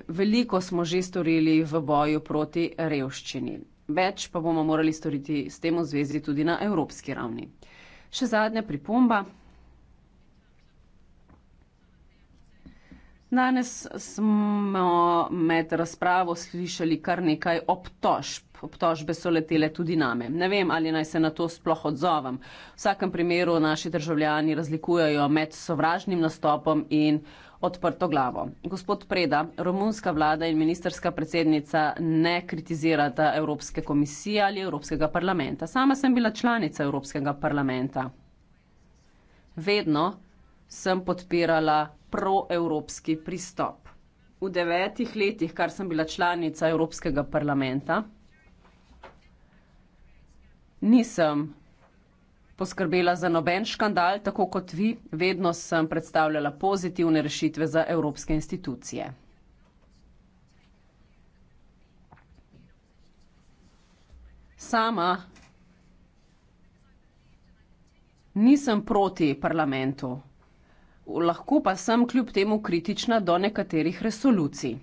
Veliko smo že storili v boju proti revščini. Več pa bomo morali storiti s tem v zvezi tudi na evropski ravni. Še zadnja pripomba, Danes smo med razpravo slišali kar nekaj obtožb. Obtožbe so letele tudi name. Ne vem, ali naj se na to sploh odzovem. V vsakem primeru naši državljani razlikujejo med sovražnim nastopom in odprto glavo. Gospod Preda, romunska vlada in ministerska predsednica ne kritizirata Evropske komisije ali Evropskega parlamenta. Sama sem bila članica Evropskega parlamenta. Vedno sem podpirala proevropski pristop. V devetih letih, kar sem bila članica Evropskega parlamenta, nisem poskrbela za noben škandal, tako kot vi, vedno sem predstavljala pozitivne rešitve za evropske institucije. Sama nisem proti parlamentu lahko pa sem kljub temu kritična do nekaterih resolucij.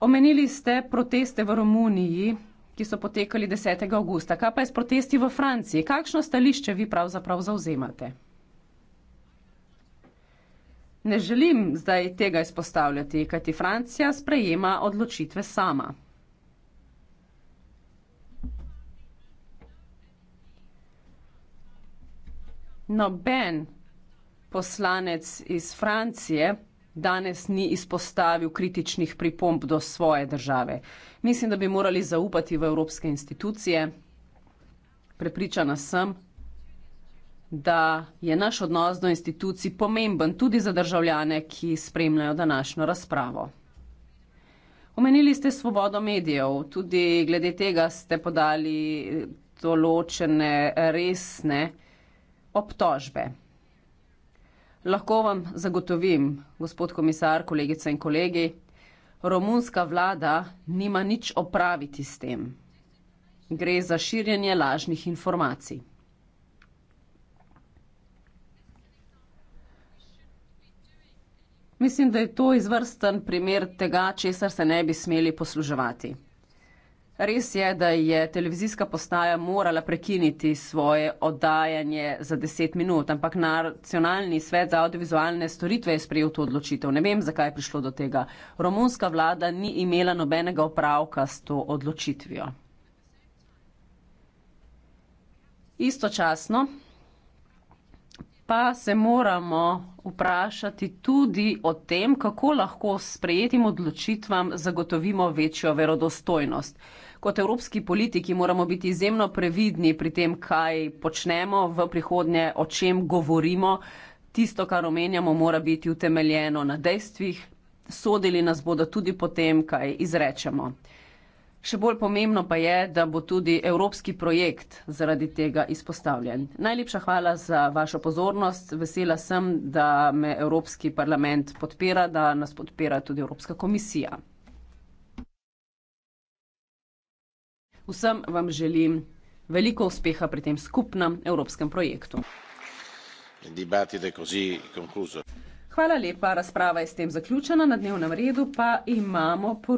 Omenili ste proteste v Romuniji, ki so potekali 10. augusta. Kaj pa je s protesti v Franciji? Kakšno stališče vi pravzaprav zauzemate? Ne želim zdaj tega izpostavljati, kajti Francija sprejema odločitve sama. Noben poslanec iz Francije danes ni izpostavil kritičnih pripomb do svoje države. Mislim, da bi morali zaupati v evropske institucije. Prepričana sem, da je naš odnos do institucij pomemben tudi za državljane, ki spremljajo današnjo razpravo. Omenili ste svobodo medijev, tudi glede tega ste podali določene resne obtožbe. Lahko vam zagotovim, gospod komisar, kolegice in kolegi, romunska vlada nima nič opraviti s tem. Gre za širjenje lažnih informacij. Mislim, da je to izvrsten primer tega, česar se ne bi smeli posluževati. Res je, da je televizijska postaja morala prekiniti svoje oddajanje za 10 minut, ampak nacionalni svet za audiovizualne storitve je sprejel to odločitev. Ne vem, zakaj je prišlo do tega. Romunska vlada ni imela nobenega opravka s to odločitvijo. Istočasno pa se moramo vprašati tudi o tem, kako lahko s sprejetim odločitvam zagotovimo večjo verodostojnost kot evropski politiki moramo biti izjemno previdni pri tem, kaj počnemo v prihodnje, o čem govorimo. Tisto, kar omenjamo, mora biti utemeljeno na dejstvih, sodili nas bodo tudi po tem, kaj izrečemo. Še bolj pomembno pa je, da bo tudi evropski projekt zaradi tega izpostavljen. Najlepša hvala za vašo pozornost. Vesela sem, da me Evropski parlament podpira, da nas podpira tudi Evropska komisija. Vsem vam želim veliko uspeha pri tem skupnem evropskem projektu. Hvala lepa, razprava je s tem zaključena, na dnevnem redu pa imamo poročilo.